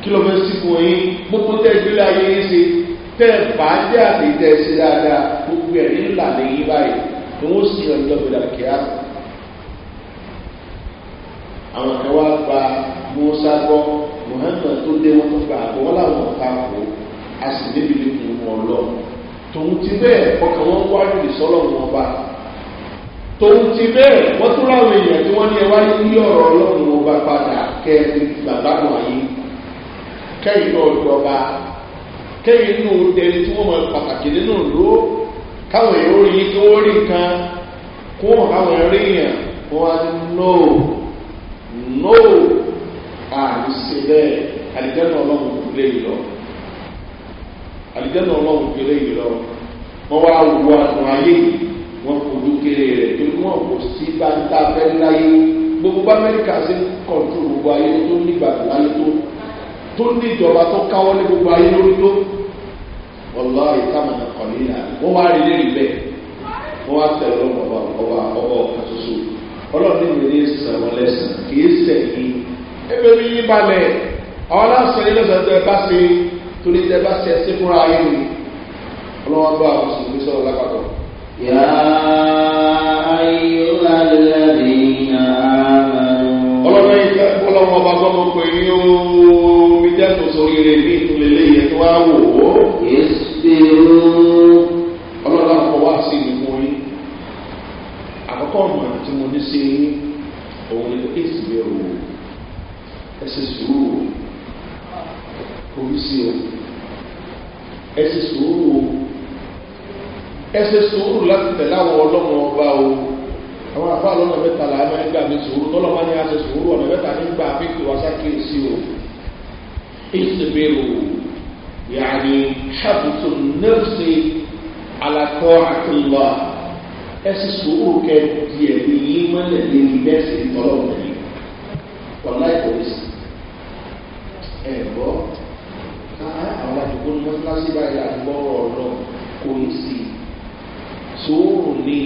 kí ló fẹ́ sí fún yín gbogbo tẹ́ ìgbélé ayé yín tẹ́ ẹ bá jẹ́ àtẹ̀tẹ̀ ṣe dáadáa gbogbo ẹ̀ nílà lẹ́yìn báyìí ni wọ́n sì ọjọ́ gbọdọ̀ kíá. àwọn kan wá gba musa gbọ́ muhammed tó dé wọn tó gba àgbọ̀ wọn làwọn ọ̀tá kò a sì débi lè kún wọn lọ. tòun ti bẹ́ẹ̀ ọkàn wọn wá lè sọ́lọ̀ wọn bá. tòun ti bẹ́ẹ̀ wọ́n tún láwọn èèyàn tí wọ́n ní ẹ wáyé ní ọ̀rọ̀ ọlọ́run wọn bá padà kẹ́ẹ̀ bàbá kẹ́yìn inú tẹni tí wọ́n mọ pàtàkì nínú ìlú káwọn èèyàn rí kí wọ́n rí nǹkan kó hàn káwọn wọ́n wá ní no no àìsè bẹ́ẹ̀ àlìjẹ́nà ọlọ́run kò lè lọ àlìjẹ́nà ọlọ́run kò lè lọ wọ́n wá wo àtún ayé wọ́n kò lókèrè rẹ̀ tó ní wọ́n kò sí bá ń ta fẹ́ láyé gbogbo amẹ́ríkà sí kọ̀ọ̀tù gbogbo ayé tó nígbà láyé tó tó ní ìjọba tó káwọ́ ní gbogbo ayé lórí tó ọlọ́ ìtàmọ̀nà kọ̀ọ̀lì yà wọ́n wá rí lérí bẹ́ẹ̀ wọ́n wá tẹ̀lé ọba ọba ọba ọ̀ka soso ọlọ́ọ̀ni mi ní sẹ̀wọ̀n lẹ́sìn kì í sẹ̀yìn ebe mi yí balẹ̀ àwọn aláṣẹ yìí lọ́sọ̀ tẹ bá ṣe torí tẹ bá ṣe ẹsẹ̀ fúnra ayé mi ọlọ́wọ́n bá àwọn sùnmí sọ̀rọ̀ lápapọ̀. yàrá ayé wà ọlọ́wọ́n yìí fẹ́ kó pé yóò tẹ́sùn sórí rẹ̀ ní ìtúlẹ̀ lẹ́yìn tó wá wò ó. èsì ọlọ́run kọ wá sí mi fún yín àkọ́kọ́ ni èsì mi ò ẹsẹ̀ sùúrù oríṣi o ẹsẹ̀ sùúrù o ẹsẹ̀ sùúrù láti tẹ̀lé àwọn ọlọ́mọ ọba o àwọn afáàlọ́nà mẹ́ta làá máa ń gbà mí sùúrù tọ́lọ́mọ ní àṣẹ sùúrù ọ̀nà mẹ́ta ní gbà fífi wá o. اصبروا يعني حفظ النفس على طاعة الله ẹsì sùúrù kẹ díẹ̀ ní yí mọ́lẹ̀ ní mẹ́sì ìtọ́lọ́wọ́ yìí wàlá ìpòlìsì ẹ̀ gbọ́ káà àwọn àdúgbò ní mọ́tíláṣí báyìí àdúgbò ọ̀rọ̀ kò ní sí sùúrù ní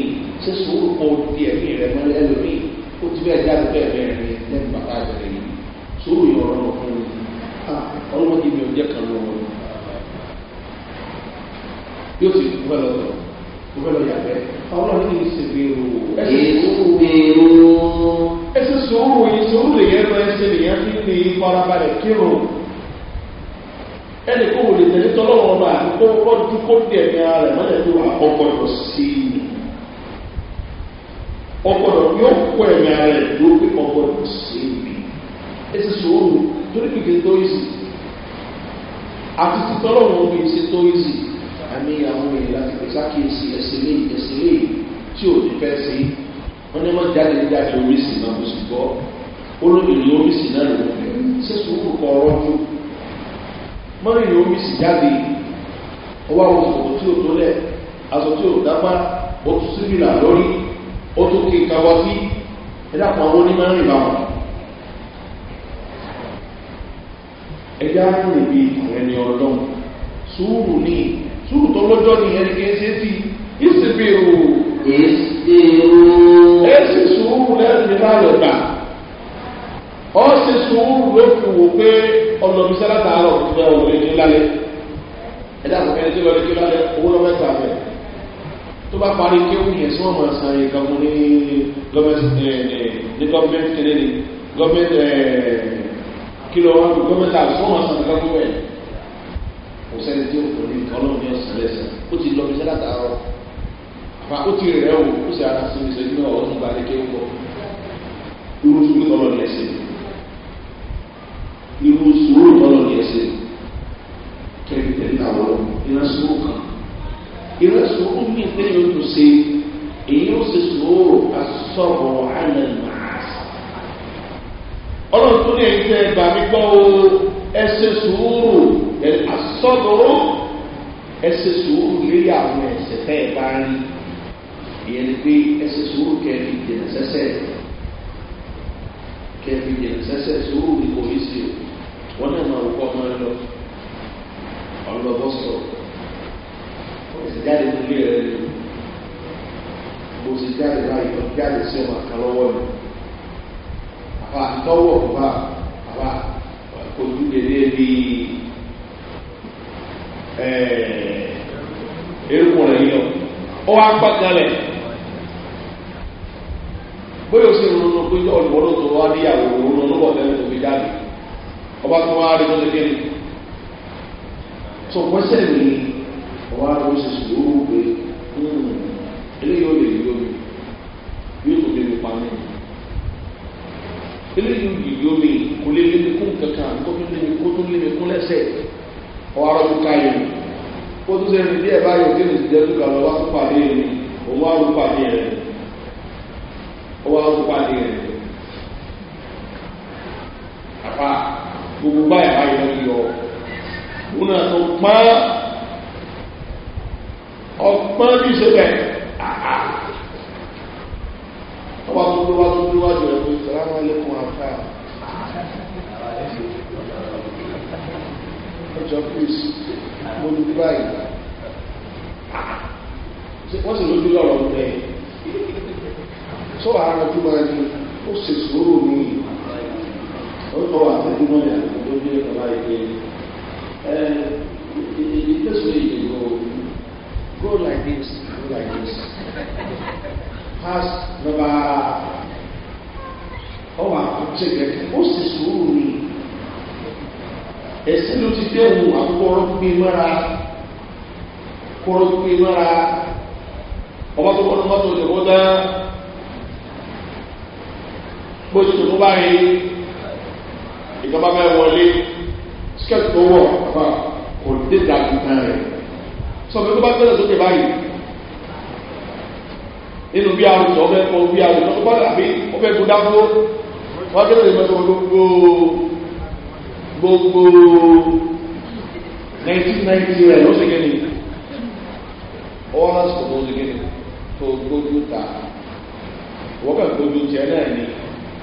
ṣé sùúrù kò díẹ̀ ní rẹ̀ mọ́lẹ̀ ẹlòmíì ó ti bẹ́ẹ̀ jáde bẹ́ẹ̀ bẹ́ẹ̀ rẹ̀ lẹ́nu bàbá rẹ̀ yìí sùúrù yọ̀rọ̀ lọ́kùnrin ọlọ́wọ́ kí ni ọjọ́ kan lọ́wọ́ yóò sì kú bẹ́ẹ̀ lọ́wọ́ kú bẹ́ẹ̀ lọ́wọ́ yàgbẹ́ ọlọ́wọ́ kí ni ìṣèbèrò ìṣòro ẹsẹ̀ sòwò ìṣòro lèyẹn lọ ẹsẹ̀ lèyẹn fi ní ìfarabalẹ̀ kírun ẹnì kó wò lè tẹ̀lé tọ́lọ́wọ́ ọba àkókò kọ́jú kó díẹ̀ ní ara rẹ̀ mọ́lẹ̀ tó wà ọgbọ́dọ̀ sí i ọgbọ́dọ̀ yóò kó ẹ̀mí ara rẹ̀ ló pé ọgbọ́dọ̀ sí i ẹsẹ̀ sòwò torí kìkì tó yìí àti títọ́lọ́wọ́ omi ṣe tó ìzì àmì àwọn èèyàn láti pè sákèésì ẹ̀sìn lé ẹ̀sìn lé tí ò ní fẹ́ sí wọ́n ní wọ́n jáde jáde oríṣi náà mo sì gbọ́ olóbìnrin oríṣi náà ló ń fẹ́ ṣé sùúrù kọ ọ́rọ́ fún mọ́rin oríṣi jáde ọwọ́ àwọn sọ̀tọ̀ tí ò tó lẹ̀ aṣọ tí ò dápá ó tún síbìlà lórí ó tún kí n kawọ́ sí ẹ̀dá kan owó ní rìn báwọn. ẹja rìn bí àwọn ẹni ọlọ́run sùúrù ní sùúrù tó lọ́jọ́ ní ẹni kì í ṣe ti ìsìnbìrù èsì sùúrù lẹ́sìn láyọ̀ gbà ọ́ sì sùúrù ló fi wò pé ọlọ́bíṣẹ́ látàárọ̀ tó bá wọlé ní lálẹ́ ẹ̀dá àkọ́kọ́ ẹni tí wọlé ní lálẹ́ owó lọ́wọ́ ẹ̀ta rẹ̀ tó bá parí kéwù yẹn sí wọn máa san ní gọ́ọ̀mẹ́ntì ní gọ́ọ̀mẹ́ntì ní kí lọ wọn gbogbo mẹta àti wọn sàn nípa gbogbo ẹ kò sẹni tí o ní ọlọrun ní ọsàn lẹsẹ ó ti lọ bisẹ láti arọ àfa ó ti rẹ o ó sì ara sinmi sẹbi náà ọdún gba ní kéwù kọ irú sùúrù tọlọ ní ẹsẹ irú sùúrù tọlọ ní ẹsẹ kẹbi tẹbi náà wọlọ iná sùúrù kan iná sùúrù mi pé yóò tún ṣe èyí ó sì sùúrù asọ̀rọ̀ àlẹ́ nà ọlọ́run tó ní ẹ̀yin tẹ́ ẹ gbà mí gbọ́ o ẹ ṣe sùúrù ẹ asọ́dọ̀rọ̀ ẹ ṣe sùúrù lórí àwọn ẹ̀sẹ̀ tẹ́ ẹ bá rí ìyẹn ni pé ẹ ṣe sùúrù kẹ́ẹ̀fì dènà sẹ́sẹ̀ kẹ́ẹ̀fì dènà sẹ́sẹ̀ sùúrù ní polisi o wọ́n náà máa wọ́pọ̀ ọmọ ẹ lọ ọlọ́bọ̀ sọ ọ̀sẹ̀ jáde nílé rẹ̀ lò bó ṣe jáde láyé jáde sí ọmọ àkàlọ́wọ́ yìí àbá tọ́wọ̀ bá àbá kojú dédé bí erékùn rẹ̀ yíyọ ọ wá gbàgbọ́lẹ̀ bóyá o sì ń ronú pé ọ̀dùnmọ́ tó wá níyàwó ronú lọ́wọ́ tẹ́lẹ̀ tó fi jáde ọba tó wá rí lọ́dún kéde tó wọ́sẹ̀ ní ọba tó ṣe sùúrù pé hmm, eléyìí ó lè eléyìí yìí yóò mi kò lè lémi kún kankan kó tún lémi kó tún lémi kún lẹ́sẹ̀ ọ̀rọ̀ tó ká yẹn kó tún sẹ́ni bí ẹ̀ bá yọ kí ni ti dẹ́nu kan lọ wá tó pàdé yẹn ni òun á rú pàdé yẹn òun á rú pàdé yẹn àpá gbogbo báyìí báyìí lọ́ọ́ yọ òun náà tó pọ́n ọgbọ́n bí ṣe bẹ̀ àá ọba tó tó wá tó tó wá jù ẹ̀. Assalamu alaikum àfà ọjọ́ please mo ní báyìí wọ́n sì lójú lọ́rọ̀ rẹ̀ sọ àárọ̀ tó máa ní ó sì sòrò ní ọ̀tọ̀ àtẹ̀júmọ́ ìyàtọ̀ tó dé ọ̀la ìgbé this way you go go like this go like this pass number ọwọ́ àkọsí ìgbẹ́kẹ̀ ó sì sùúrù ni ẹ̀sìn ló ti dé òun àkọ́rọ́ gbé mọ́ra kọ́rọ́ gbé mọ́ra ọba tó kọ́nu mọ́tò lè wọ́n tán bó ti tòun báyìí ìjọba bẹ́ẹ̀ wọlé skẹ́tì tó wọ̀ bàbá kò dé dàgbù tán rẹ̀ sọ̀rọ̀ tó bá tẹ̀lé sókè báyìí nínú bí arùtọ̀ ọbẹ̀ kọ bí arùtọ̀ tó bá dàbí ọbẹ̀ kó dá dúró wọ́n kí ló lè gbogbo gbogbo 1990 rẹ̀ ló ṣe gẹ́ni ọ́rọ̀ sọ̀rọ̀ ló ṣe gẹ́ni tó gbójú ta wọ́n kàn gbójú tiẹ̀ náà ni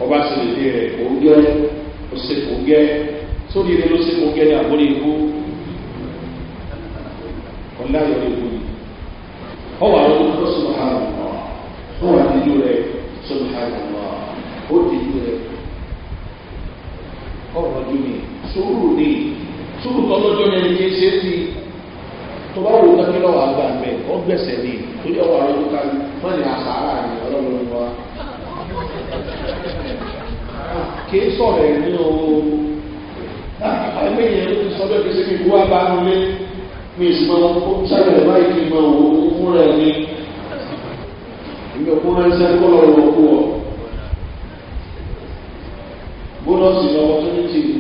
ọba sì lè dé rẹ̀ kò ń gẹ́ ó ṣe kò ń gẹ́ sórí ilé ló ṣe kò ń gẹ́ ní àbúrò ikú ọ̀la yọ̀ọ́ ikú ni ọ̀wà ló ń lọ sí ọ̀hánà rẹ̀. sùúrù ni sùúrù tọ́lọ́jọ́ yẹn ní ṣe sí tó bá wò lọ́kí lọ́wọ́ àgbà mẹ́ ọ gbẹ̀sẹ̀ ni torí ọwọ́ àwọn olùkọ́ wọn ni àṣàrà ni ọlọ́run wa. kì í sọ̀rọ̀ ẹ̀ ní o ẹgbẹ́ yẹn ló ti sọ́dọ̀ kí sẹ́mi ìlú abánulé mi ìsúná ó sáré báyìí kí n máa wò fún rẹ̀ ni èmi ò kún náà sẹ́ni kọ́ lọ́wọ́ kú ọ. bónọ́sì lọ́wọ́ tó ní tìlú.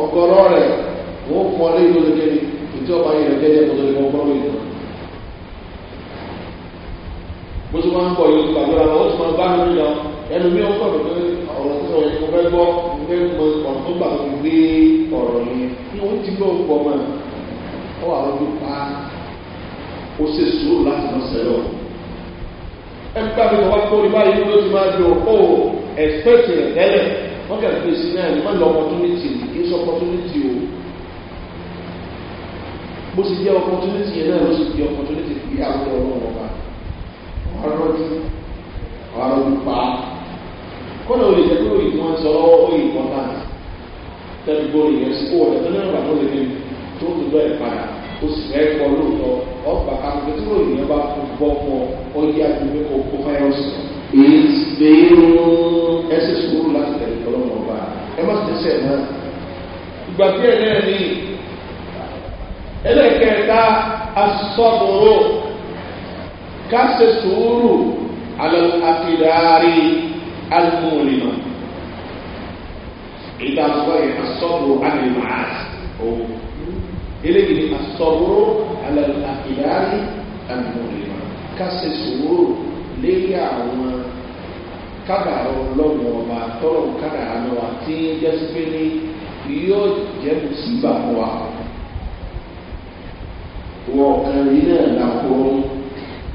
ọgọrọ rẹ wọn fún ọ lẹyìn tó lè kéde ètò ọba yìí rẹ jẹjẹ kó tó lè kọkọ lóyún náà bó ti máa ń bọ yìí ó ti gbàgbé ara ó ti máa bá nínú lọ ẹnu mi ò kọ̀ pé ọ̀rọ̀ tó sọ yẹn mo fẹ́ gbọ́ mo fẹ́ mọ ọ̀rọ̀ tó gbà tó gbé ọ̀rọ̀ yẹn ní o ti gbọ́ pọ̀ mọ́ ọ wà lọ́dún pa ó ṣe sùúrù láti lọ sẹ́yọ̀ ẹ gbàgbé wọn wá kó ló ti máa wọ́n kẹ́ fi sí náà wọ́n lọ opportunity kì í sọ opportunity o bó sì jẹ́ opportunity yẹn náà ló sì jẹ́ opportunity fi àwọn ọlọ́run ọba ọ̀rọ̀dú ọ̀rọ̀dú pa kọ́nà olè jẹ́ pé òyìnbó wọn sọ lọ́wọ́ ó yìí kọ́tà tẹ́lú bóyá ìyẹn sí kó ọ̀dà tó náà bàtọ́ lè dé tó tó lọ ìpadà ó sì fẹ́ kọ́ lóòótọ́ ọgbà káfíńtì tó òyìnbó bá gbọ́ fún ọ ó yí àgbẹ̀mẹ́kọ̀ọ́ kó fáyọ́sì náà ìgbéyìí ẹsẹ̀ sùúrù láti tẹ̀lé ọlọ́mọ ọba ẹ má sì tẹ̀sẹ̀ náà ìgbà tí ẹ náà ní ẹlẹ́kẹ̀ẹ́ta asọ́bùrù káṣẹ̀ sùúrù àtìláàrí alùmùrìmọ̀ ìgbà àtúbọ̀ yẹn asọ́bùrù alìmọ̀ọ́sì òwò eléyìí ni asọ́bùrù àtìláàrí alùmùrìmọ̀ káṣẹ̀ sùúrù lérí àwọn kádàrá ọlọ́run ọba tọ́lọ̀ kádàrá lọ́wọ́ tí ń jẹ́ sí pé ní yóò jẹ́ mùsùlùmí fún wa. Wọ́n kan rí náà lápò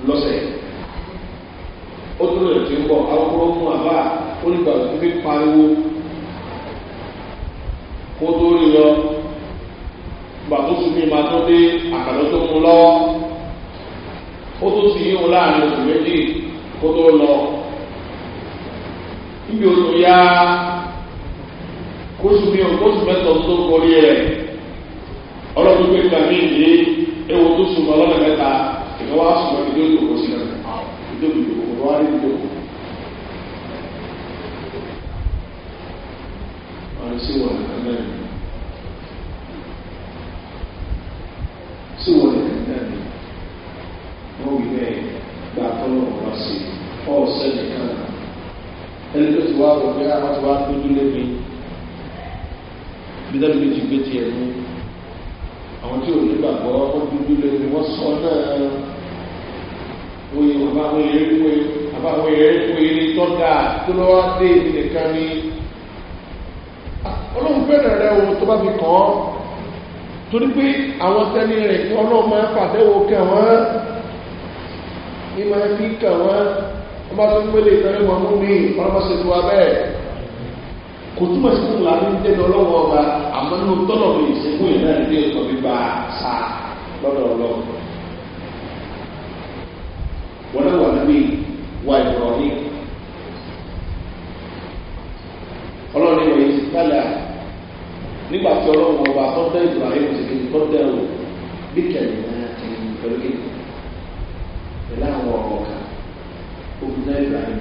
lọ́sẹ̀. Ó tún lè fi bọ̀ àwòrán fún àbá onígbà tó fi pariwo kó tó rí lọ. Gbàtó sùn ní ìbátan dé àkàlọ́ tó mú lọ́wọ́. Ó tún sì yíwò láàrin oṣù méjì kó tó lọ níbi oṣù ya kóṣù mi ò kóṣù mẹ́tọ̀ tó kọrí ẹ̀ ọlọ́dún pé gbàmí ìdí ewu tó sùn mọ́ lọ́dọ̀ mẹ́ta ìfọwọ́ àsùnmọ́ ìdí oṣù kò sí lọ́dọ̀ ìdí oṣù kò wá ní ìdí oṣù. ọ̀rẹ́ sí wọ̀ nìkan náà ni sí wọ̀ nìkan náà ni wọ́n wí bẹ́ẹ̀ gba tọ́lọ̀ wá sí ọ̀sẹ̀ nìkan náà ẹni tó ti wá rò pé àwọn ti wá dúdú lébi bí dábìlì méjì gbé tiẹ̀ mú àwọn tí ò ní gbàgbọ́ ó dúdú lébi wọ́n sọ náà oye àbáwọn èrè kó e àbáwọn èrè kó e ní tọ́da tó lọ́wọ́ dé ibi nìkan ní olóhùn ah, fẹ́rẹ̀ rẹ o tó bá fi kàn án torí pé àwọn tẹ́lẹ̀ rẹ̀ kí ọlọ́run máa ń pàdéwò kẹwọ́n ní máa fi kàn wọ́n wọ́n bá tún pélé ìtọ́jú wọn mú mi ọlọ́mọṣẹ́ tó wa bẹ́ẹ̀ kò túmọ̀ sí fún làbí ń dẹ́nu ọlọ́wọ́ ọba àmọ́ ní tọ́lọ̀ mi ìṣẹ́gun yìí náà ní ẹ̀kọ́ bíbá sa lọ́dọ̀ ọlọ́wọ́ wọn náà wà níbi wà ìrọ̀lẹ́ ọlọ́run ìwé yìí kálẹ̀ nígbà tí ọlọ́run ọba tọ́tẹ́ ìdùnnú ayé kò sì kí lẹ́gbàá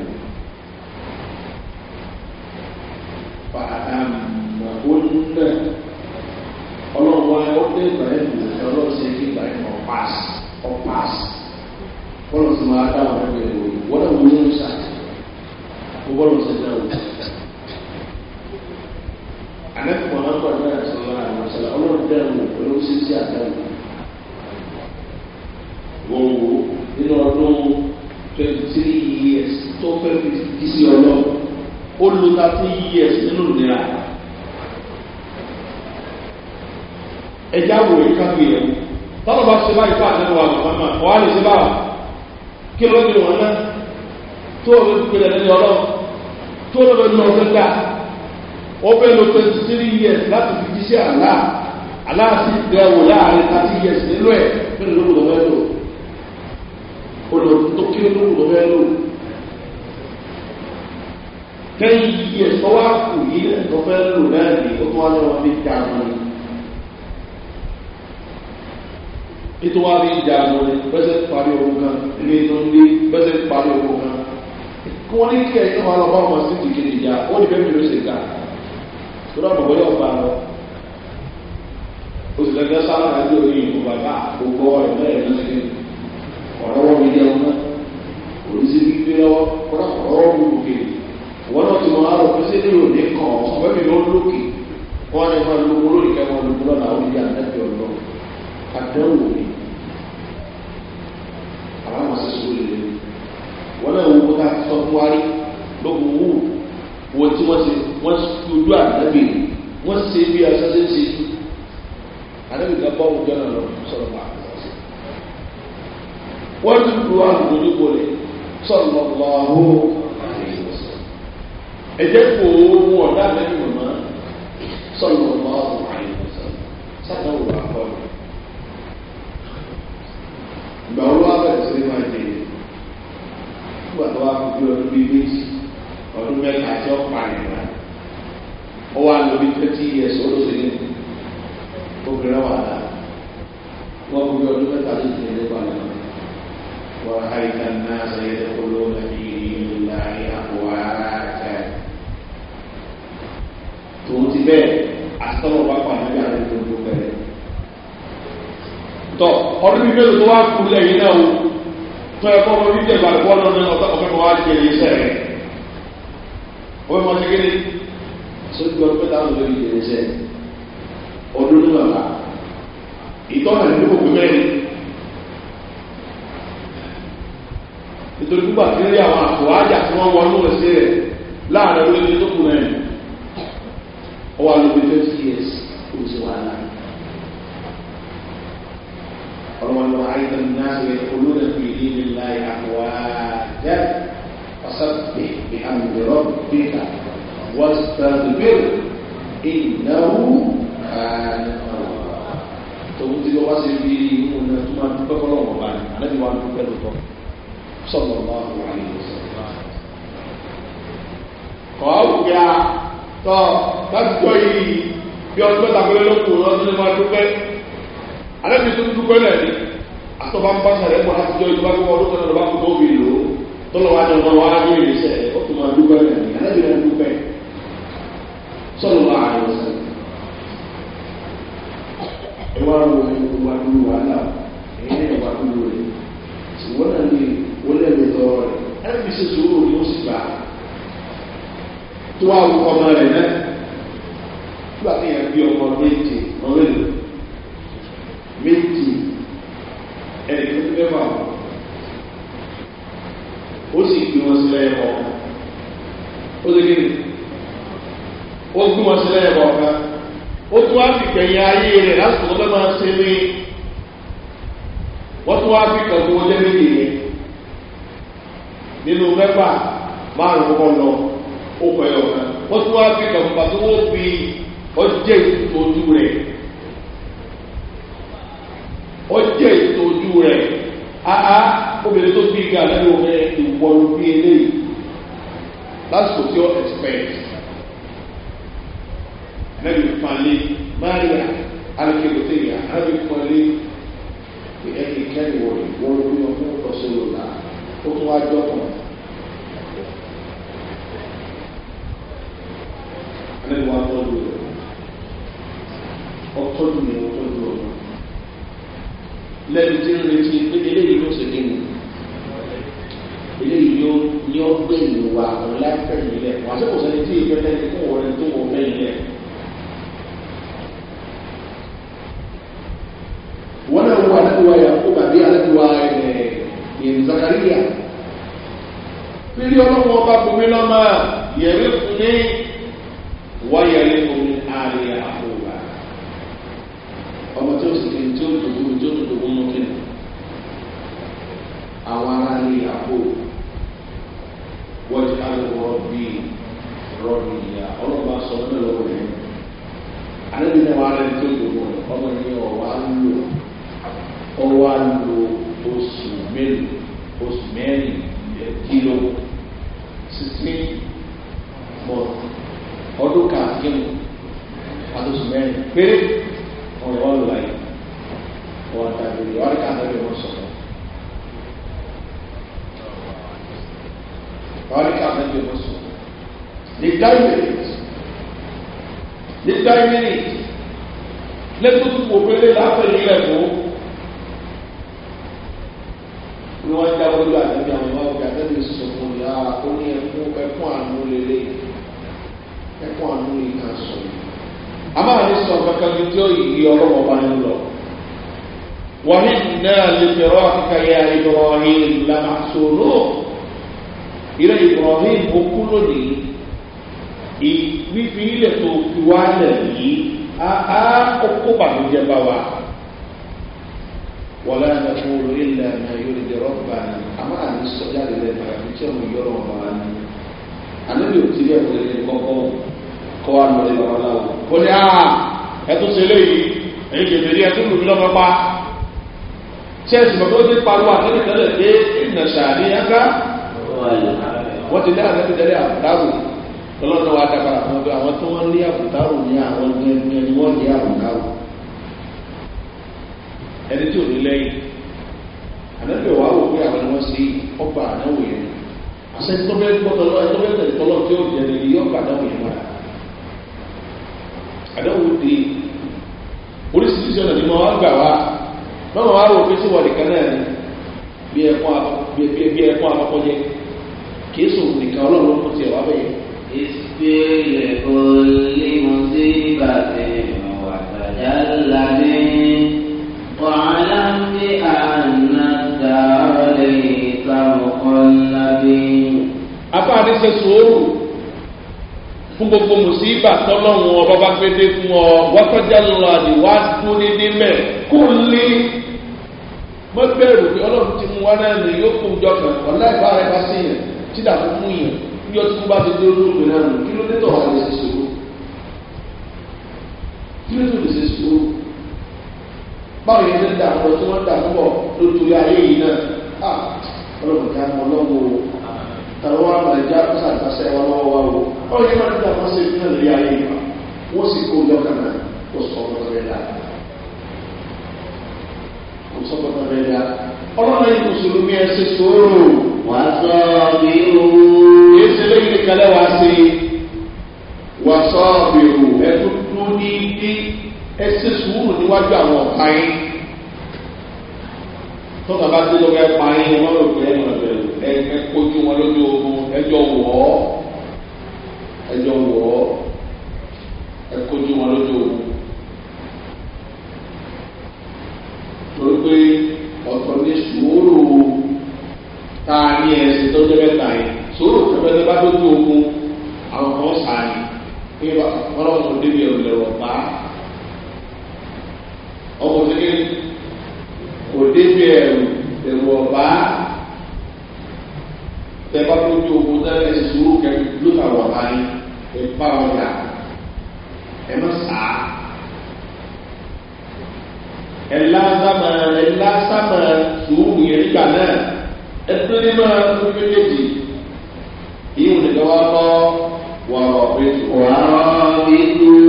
kí ẹ̀yin náà wà lọ bá ọmọ sí kìkì nìjà ó ní bẹ́ẹ̀ mi ló ṣe ká lórí ọmọ bọ́yọ̀ ọba lọ oṣù lẹ́gbẹ́ sáwọn àjọ yìí kò bàbá gbogbo ọ̀rẹ́ mẹ́rin ló ṣe ọ̀rọ̀ wọn mi yẹ ọmọ oríṣi gbígbé lọ́wọ́ kọ́lá ọ̀rọ̀ wọn kò kéde wọn náà ti mọ àrò pé ṣé ní òní kan ọ̀sán bẹ́ẹ̀ mi lókè wọn ni wọn lóko náà wọ́n ká sọ fún wa lọ́wọ́ owó wọ́n tí wọ́n ṣe wọ́n fi ojú ànábì wọ́n ṣe bí aṣáṣe ṣe ànábì kan bá òjò náà lọ sọ̀rọ̀ bá wọ́n ti lu àgùntàn nípò rẹ̀ sọ̀rọ̀ lọ́wọ́ ẹ̀jẹ̀ kò wọ́n ọ̀dà ànábì mélòó tó wá kú lẹ́yìn náà o tó ẹ kọ́ ọmọ bí jẹ̀bà ìwọ́n náà náà ọ̀tọ́ ọ̀fẹ́ wọn á jẹ ilé iṣẹ́ rẹ̀ ó mọ ní kéde sójú ọdún pẹ́ta ọ̀dọ́ lórí ilé iṣẹ́ ọdún ní bàbá ìtọ́nà ní gbogbo mẹ́rin nítorí púpà tí ń rí àwọn àpò ájà tí wọ́n wọnú ẹ̀sẹ̀ rẹ̀ láàárín orílẹ̀ tó kù mẹ́rin ọwọ́ àlọ́ رأيت الناس يدخلون في دين الله أفواجا فسبح بحمد ربك واستغفر إنه كان tòun ti lọ́wọ́ sí ibi inú ọ̀nà tó máa dúpẹ́ kọ́ lọ́wọ́ bá ní alẹ́ wa dúpẹ́ lọ́tọ́ sọ̀rọ̀ bá wà ní ìsọ̀rọ̀ kọ́ àwùjá tọ́ láti tọ́ yìí bí ọdún mẹ́ta péré ló kù lọ́dún ní máa dúpẹ́ alẹ́ mi tó dúpẹ́ náà ni àtọ́ba ń bá sàrẹ́ pọ̀ láti jọ ìjọba tó wọ́n lókè náà lọ́ba kò tóbi lò ó tọ́lọ̀ wá ní ọmọ wa ní ìrìnsẹ̀ ó tún máa dúpẹ́ rẹ̀ ní alábìrin dúpẹ́ sọ̀rọ̀ wá àrùn sàn. ẹ wá ń wọlé wá dúró wàhálà ẹ̀yìn ẹ̀ wá dúró rẹ̀ ṣùgbọ́n náà ní wọlé mi lọ rẹ̀ ẹ̀ fi ṣe sòwò ni ó sì gbà tó wá ọmọ rẹ̀ náà nígbà tí yẹn bí ọmọ méje ọmọ méje méje. ẹnì tó ti mẹ́fà ó sì gbé wọn sílẹ̀ ẹ̀kọ́ ó sì kéde ó gbé wọn sílẹ̀ ó tún wá fi gbẹ̀yìn ayé rẹ̀ lásìkò tó máa ṣe ní wọ́n tún wá fi kàgbó ọjọ́ méje yẹn nínú mẹ́fà márùn kọ́kọ́ lọ ó kọ́ ẹ̀yọ̀ wọ́n tún wá fi kàgbó pàtó irú rẹ̀ áá obìnrin tó bí ga lẹ́nu ọ̀rẹ́ ìwọlú bí eléyìí lásìkò tí ó expect lẹ́nu ìfàlẹ́ máríà alikẹ́kọ̀tẹ́yà lẹ́nu ìfàlẹ́ pé ẹni kẹ́ni wọ̀ ìwọlú bí wọn fún ọ̀sọ̀rọ̀ náà ó tún wá jọ́ kan. Anẹ́wọ̀n lẹ́nu tí ń retí pé eléyìí ló ṣe nínú eléyìí yóò yọ gbé ìwà àwọn láìpẹ́ ìlẹ̀ wọ́n àti kò sẹ́ni tí ìfẹ́lẹ́ ti kún wọlé tó wọ mẹ́yìn lẹ̀. wọ́n náà wọ alẹ́dùwà yàgò tàbí alẹ́dùwà ẹ̀ zakariya. pírí ọlọ́wọ́ bá bomi lọ́mọ yẹ̀rí fún ní. bànújẹ́ bá wa wọlé àdàkùn olórí ìlànà yóò lè dẹrọ bá a àmọ́ àní sọ́jà lè lẹ́nu àyàfi tí ọ̀hún yọ̀rọ̀ ọ̀bà wa ni ànábì ò ti rí ẹ̀kọ́ lè kọ́kọ́ kọ́ wa lọ́lẹ̀ babaláwo kò ní à ẹ̀tún ṣe léyìí èyí lè bèrè ẹ̀tún lùmí lọ́mọ pa tí ẹ̀sìn bàbá ó ti pariwo àtẹ́lẹ̀tẹ́lẹ̀ dé ìnàṣà ní ẹ̀ká wọ́n ti dá àtẹ́lẹ̀tẹ́lẹ̀ àbùdáwò lọ́lọ́dọ̀ wa dàgbà àwọn tó wọ́n ní àbùdáwò ní àwọn ẹni wọ́n ní àbùdáwò ẹni tí ò ní lẹ́yìn ànábẹ̀ wà wò pé àwọn ni wọ́n ṣe ọgbà àdáwò yẹn àṣẹ tó bẹ́ẹ̀ gbọ́dọ̀ lọ́wọ́ tó bẹ́ẹ̀ tẹ̀lé tọ́lọ́ tí ó jẹ́ ní ọgbà àdáwò yẹn padà àdáwò di oríṣiríṣi ọ̀nà ni mo wá gbà wá mọ́mọ́ wá wò pé sí wọ́n nìkan náà ni bí ẹ̀kún àkọ́kọ́jẹ́ kìí sòwò nìkan ọlọ́run kò tiẹ̀ wá bẹ́ẹ̀. ìsìlẹ̀ kò lè mú sí ìbàdàn ọ̀wà واعلم بأن الدار ليس مقلبي apá àti ṣe sòórù fún gbogbo mùsíbà tọ́lọ́hún ọba bá gbé dé fún ọ wákọ́jà lọ àdìwá dún ní nímẹ̀ kó lé mọ́ bẹ̀rù ọlọ́run ti mú wá náà lè yóò kó ìjọ kan ọ̀la ìbá rẹ̀ bá sí yẹn tí dàbí mú yẹn bí ọtí tó bá ti dé olóògbé náà nù kí ló dé tọ̀ wá lè ṣe sòórù kí ló dé tọ̀ lè ṣe sòórù báwo ni wọ́n dààmú lọ tí wọ́n dààmú bọ̀ lótórí ayé yìí náà a ọlọ́run kí á mọ lọ́wọ́ o tàbí wọ́n á máa já kó sàtàṣẹ wọn lọ́wọ́ wa o báwo ni wọ́n dààmú sí ní ìrírí ayé yìí wọ́n sì kó lọ́kàn náà kó sọ ọ̀rọ̀ rẹ̀ dá kó sọ ọ̀rọ̀ rẹ̀ dá ọlọ́run yìí mùsùlùmí ẹ ṣe sòrò wà á sọ mi o kì í ṣe lẹ́yìn ìkàlẹ́ wa ṣe wà sọ mi o ẹ tó dún ní ẹ ṣe sùúrù níwájú àwọn ọ̀pá yín tọ́ka bá ti lọ́wọ́ ẹ pa yín ẹ má lò pé ẹ má bẹ̀rù ẹ ẹ kojú wọn lójú ogun ẹjọ wọ̀ ọ́ ẹjọ wọ̀ ọ́ ẹ kojú wọn lójú ogun. torí pé ọ̀tọ̀ ní sùúrù tá a ní ẹsẹ̀ tó jẹ́ mẹ́ta yẹn sùúrù tó bá lójú ogun àwọn kan sàn ní pé lọ́wọ́ tó débi ẹ̀rù lẹ̀rọ̀ pa á ọmọ òṣèlú kò débi ẹ̀rù ẹ̀rù ọ̀bá tẹ̀bá tó ju owó tẹ́lẹ̀ sùúrù kẹ́kẹ́ ló fà wọ̀ ayé ẹ̀fà ọ̀dà ẹ̀ má sà á. ẹ̀lá sábà ẹ̀lá sábà sùúrù yẹn nígbà náà ẹ̀tọ́ ní máa tó méjèèjì ìhùn nìkan wá kọ́ wọ̀rọ̀ pẹ̀lú. wàá bí tó.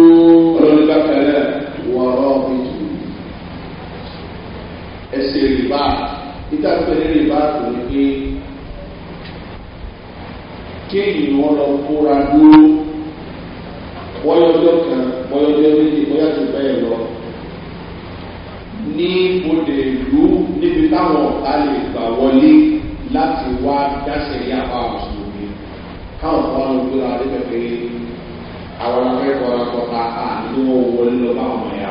ṣe rìbá níta pé ní rìbá kò ní pé kéèyàn wọn lọ kóra dúró wọ́yọ́jọ́ kan wọ́yọ́jọ́ méjì bóyá ti bẹ́ẹ̀ lọ ní bòde ìlú níbi táwọn ọ̀tá lè gbà wọlé láti wá dáṣẹ̀ yá pa mùsùlùmí káwọn kan ló gbéra débẹ̀ pé àwọn akẹ́kọ̀ọ́ akọ́ta àti wọn wọlé lọ bá wọn yẹn.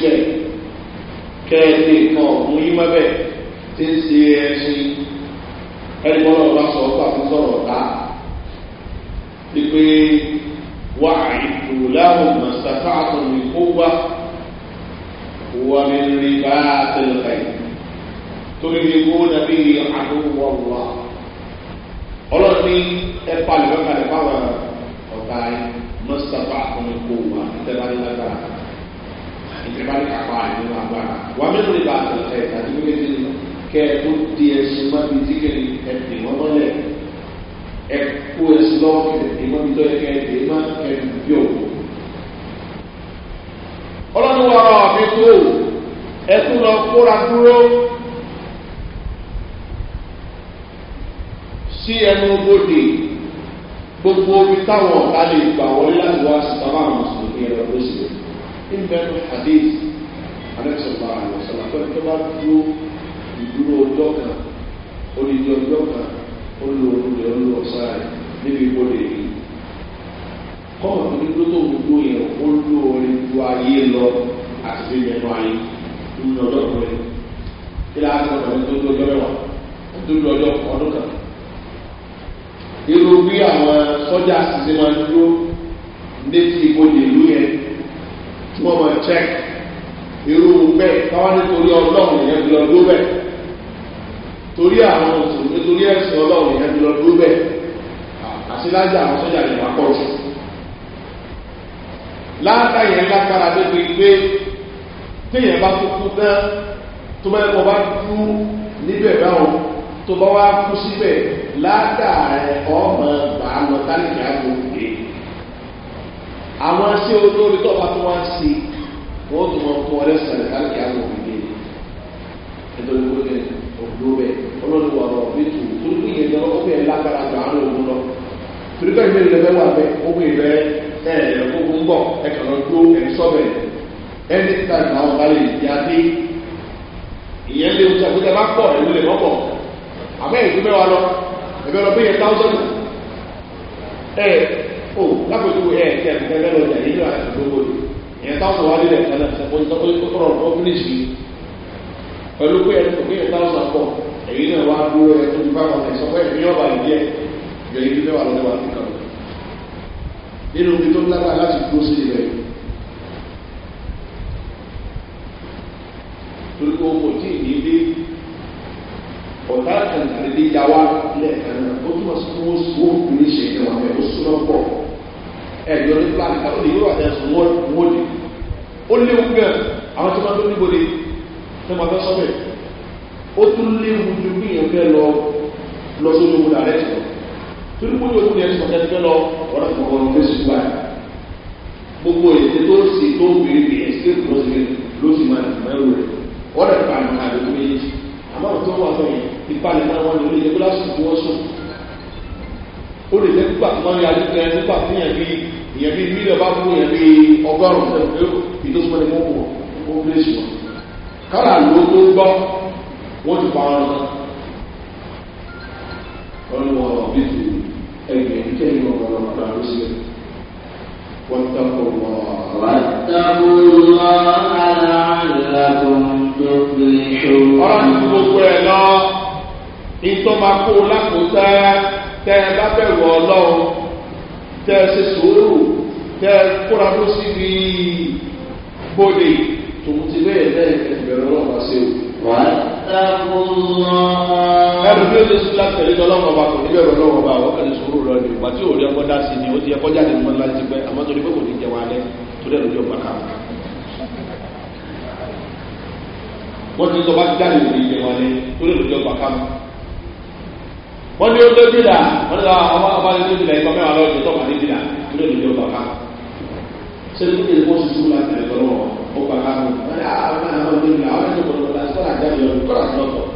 síbẹ̀ kẹ́ ẹ ṣe nǹkan ọ̀gbun yí mọ́bẹ̀ tí ń ṣe ẹṣin ẹni bọ́lá ọba sọ ọ́ pàtó sọ̀rọ̀ ká wípé wà àìkú láwọn mọ̀sáfà àtọ̀nù kó wá wà mí rí bá tẹlifà yìí torí ní kó dàbí àdúgbò wà ọlọ́ọ̀ni ẹ palẹ̀ lọ́kàlẹ̀ fáwọn ọ̀tá yìí mọ̀sáfà àtọ̀nù kó tẹ́lá ní lágbára ẹ bá ní kápá nínú agbára wà mẹ́rin lè ba àtẹ̀tẹ̀ ìtàjú méjì ni kẹ́ ẹ tó di ẹṣin má bi tí kẹ́ni ẹ pè wọ́n mọ́lẹ̀ ẹ kó ẹṣin lọ́wọ́ kẹ́ni pè wọ́n mi tọ́ ẹ kẹ́ ẹ pè má kẹ́ ẹ bí òkú. ọlọ́run wa ọ̀ fi o ẹ tún lọ kóra dúró sí ẹnu bodè gbogbo omi táwọn ọ̀tá lè gbà wọlé láti wá sí tábà mùsùlùmí ẹ̀rọ lóṣèlú ìbẹ̀rù hadith anẹ́sọ̀gbà àlọ́sọ̀lá pẹ̀lú tó bá dúró ìdúró ọjọ́ kan olùdí ọjọ́ kan olùlọ́ọ̀lùlẹ̀ olùlọ́ọ̀sá rẹ̀ níbi ìbọ̀lẹ̀ yìí kọ́mọ̀ tó ní tó tó gbogbo yẹn ó lú orin ju ayé lọ àti fi yẹnu ayé nínú ọjọ́ kan rẹ̀ kí láti ọ̀dọ̀ ní tó dúró ọjọ́ mẹ́wàá ó dúró ọjọ́ ọdún kan irú bí àwọn sọ́jà sì máa dúró létí ìbọ̀lẹ̀ ìlú yẹn tí wọ́n máa check irú bẹ́ẹ̀ káwọn nítorí ọlọ́run yẹn lọ dúró bẹ́ẹ̀ torí àwọn òṣèlú nítorí ẹ̀sìn ọlọ́run yẹn lọ dúró bẹ́ẹ̀ àṣìláṣà àwọn sọ́jà lè máa pọ̀ jù láàkà yẹn lágbára débi pé téèyàn bá tó kú tán tó bá yẹ kó bá kú níbẹ̀ báwọn tó bá wá kú síbẹ̀ látàrí ọmọ bàá lọ tálíkà gbòógè àwọn ṣé olórí tó bá tó wá ń ṣe wọ́n tún wọn fún ọlẹ́ sọ̀rọ̀ káàkiri àwọn òbíye nítorí pé ní òdó bẹ́ẹ̀ olórí wà lọ bí tù tó ní ìyẹn lọ ó bẹ̀rẹ̀ lágbára jù àwọn òun lọ torí bẹ́ẹ̀ mi lẹ́fẹ́ wà bẹ́ẹ̀ ó bẹ̀rẹ̀ bẹ́ẹ̀ ẹ̀ ẹ̀ gbogbo ń bọ̀ ẹ̀ kàn lọ dúró ẹ̀ ń sọ́bẹ̀ ẹni tí táyì àwọn bá lè di adé ìyẹn lè wùsà pé bá pọ̀ ẹ̀mí lè mọ́pọ̀ àmọ́ ẹ̀ o lápòjú ẹ̀ ẹ̀kẹ́ ẹ̀kẹ́ lọ́jà nínú àdúgbò rẹ̀ ìyẹn táwọn wá lílẹ̀ kan náà ṣàkóso tó kọ́ ọ̀rọ̀ tó bí nìṣí pẹ̀lú pé ẹ̀ tó kéèyàn táwọn pọ̀ èyí náà wá dúró ẹ̀ tó ti fáwọn ẹ̀ sọ pé ẹ̀mí ọ̀bà ọ̀tá tẹ̀lé ya wá lẹ́ẹ̀kan náà ó túmọ̀ sí kó sùn ó kù ní ṣe ìjọba ẹ̀ ó súná pọ̀ ẹ̀jọ̀ ní plan kan ó lè yóò àti ẹ̀sùn wọ́n wọ́n lè ó léwu gan àwọn tí wọ́n tó níbo lè tó máa fẹ́ sọ́bẹ̀ ó tún léwu ju bí èèyàn fẹ́ lọ lọ sójú ogun ààrẹ tó tó ní kójú ogun yẹn sọ̀tẹ́ fẹ́ lọ ọ̀rọ̀ ìfọ̀kànlọ́ fẹ́ sùn báyìí gbogbo èdè tó sì tó bèrè bèrè sí èkó lọ́sẹ̀ lọ́sẹ̀ máa àmọ́ tó wà lọ yẹn ìpalẹ̀ náà wọn lè lè gbọ́dọ̀ sùn kí wọ́n sùn ó lè jẹ́ pípa tó máa ń yára kẹ́ nípa tí yẹn bí ìyẹn bí mílíọ̀ bá fún yẹn bí ọgọ́rùn-ún fẹ́ ìdóṣùmọ́ ni wọ́n wọ̀ ó lè sùn kálá ló tó gbọ́ wọ́n ti pa ọ́n wọ́n ní wọn bí ti ẹgbẹ́ ìjẹ́ ìwọ̀n wọn padà ló sí wọ́n tẹ́kọ̀ọ́ wọ́n tẹ́kọ̀ọ́ ọlọ́run ti gbogbo ẹ̀ lọ ìtọ́ba kó o lákòótẹ́ tẹ́ ẹ bá bẹ̀rù ọlọ́run tẹ́ ẹ ṣe sòwòrò tẹ́ ẹ kóra ló síbi bòde tòun ti bẹ́ẹ̀ bẹ́ẹ̀ ẹgbẹ̀rún náà wá sí o. wà á dákun lọ. ẹnu bí o ṣe sùn láti tẹ̀lé lọ́wọ́ ọba kò ní bẹ̀rù lọ́wọ́ ọba àwọn kan ní sòwòrò lọ ni ìgbà tí òòrè ọkọ dá sí ni ó ti ẹkọ jáde ní mọ́lá ti pẹ́ àmọ́ torí pé kò ní jẹun alẹ́ torí ẹ̀ lójú ọgbà wọ́n ti sọ bá ti jáde òní ìjẹ wọn ni tó lè lòdì ọgbà kánú. wọ́n ní ó lójú ìlà wọ́n ní àwọn abáyé lójú ìlà ìgbà mẹ́wàá lọ́jọ́ tó wà ní ìlà tó lè lòdì ọgbà kánú. ṣé ló dé wọ́n ṣubú láti rẹ̀ lọ́wọ́ ọgbà kánú. wọ́n ní àwọn àwọn lójú ìlà àwọn ẹ̀jẹ̀ kọ̀ọ̀kan láti kọ́ra jáde ọ̀rọ̀ kọ́ra lọ́tọ̀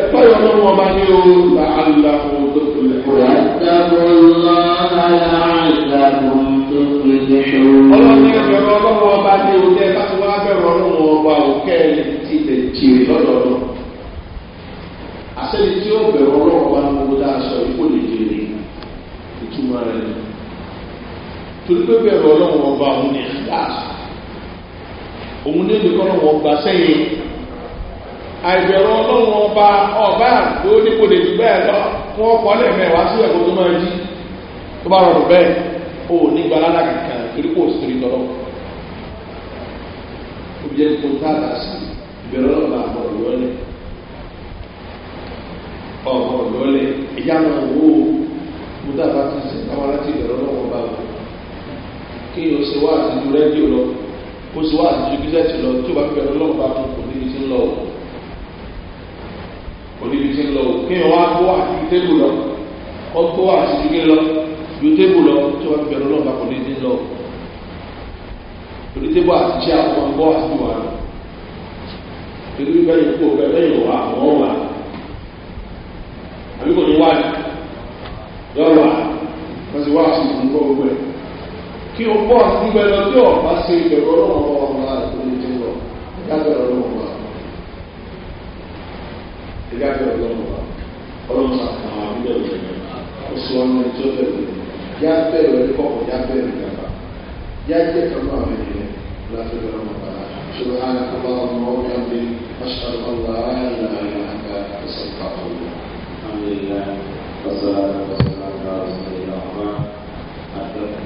ẹ̀fọ́ yọ lọ́wọ́ ọba ní o la aláwọ̀ tó fi lè kọ́. ìyàtọ̀lá aláàlàmọ̀ tó fi lè kọ́. ọlọ́ni ẹ̀fẹ̀rẹ̀ ọlọ́wọ́ ọba ní o jẹ́ láti wá bẹ̀rẹ̀ ọlọ́wọ́ ọba òkè ti lè jèrè lọ́dọọdọ. àṣẹ́ni tí ó bẹ̀rẹ̀ ọlọ́wọ́ ọba ní o dáa sọ ìkó lè jèrè ìtumọ̀ rẹ̀ ni. torí pé bẹ̀rẹ̀ ọlọ́wọ́ ọba òun ni àdá òun ní ìdíkọ́ àìbẹ̀rù ọlọ́run ọba ọba àgbò nípò lè jù bẹ́ẹ̀ lọ fún ọkọ̀ lẹ́mẹ̀wá sí ẹ̀kọ́ tó máa jí tó bá rọrùn bẹ́ẹ̀ o ò ní gbalada kankan torí kò sí torí tọ́lọ́ òbí jẹ́ kó tá a dà sí ìbẹ̀rù ọlọ́run àbọ̀ òyọ́lẹ̀ ọ̀bọ̀ òyọ́lẹ̀ ìyá máa wò ó mo dábàá ti sè káwọn láti ìbẹ̀rù ọlọ́run ọba wò kí o ṣe wá àtijọ́ rẹ́díò lọ kó ṣe wá àtijọ́ oníbi tí ń lọ o kí wọ́n á kó àti ju tébù lọ ó kó àti ju kí lọ ju tébù lọ tí wọ́n bẹ̀rù lọ́wọ́ bá kò ní dín lọ onítébù àti tí àwọn ọgbọ́ àti wà lọ torí bẹ́ẹ̀ kó bẹ́ẹ̀ bẹ́ẹ̀ wà wọ́n wà àbí kò ní wà ní yọ wà wọ́n ti wá sí ìdúró gbogbo kí o bọ́ síbẹ̀ lọ tí ọ̀pá ṣe ìbẹ̀rù ọlọ́run ọmọ ọmọ rẹ̀ tó ní jẹ́ lọ ìdájọ́ ọlọ́run ọmọ rẹ̀. ìgbàgbé ọlọ́run wa ọlọ́run sàkàn àwọn àbúrò rẹ̀ ó sọ ọmọ ìjọ bẹ̀rẹ̀ yá bẹ̀rẹ̀ rẹ̀ kọ̀kọ̀ yá bẹ̀rẹ̀ gàba yá jẹ́ kan náà rẹ̀ yẹn láti bẹ̀rẹ̀ wọn bá ṣòro àná kó bá ọmọ ọmọ yá gbé aṣọ ọlọ́wà ayélujára àgbà ẹ̀sẹ̀ pàtó àmì ìlànà ọ̀sán àgbà ọ̀sán àgbà ọ̀sán ìlànà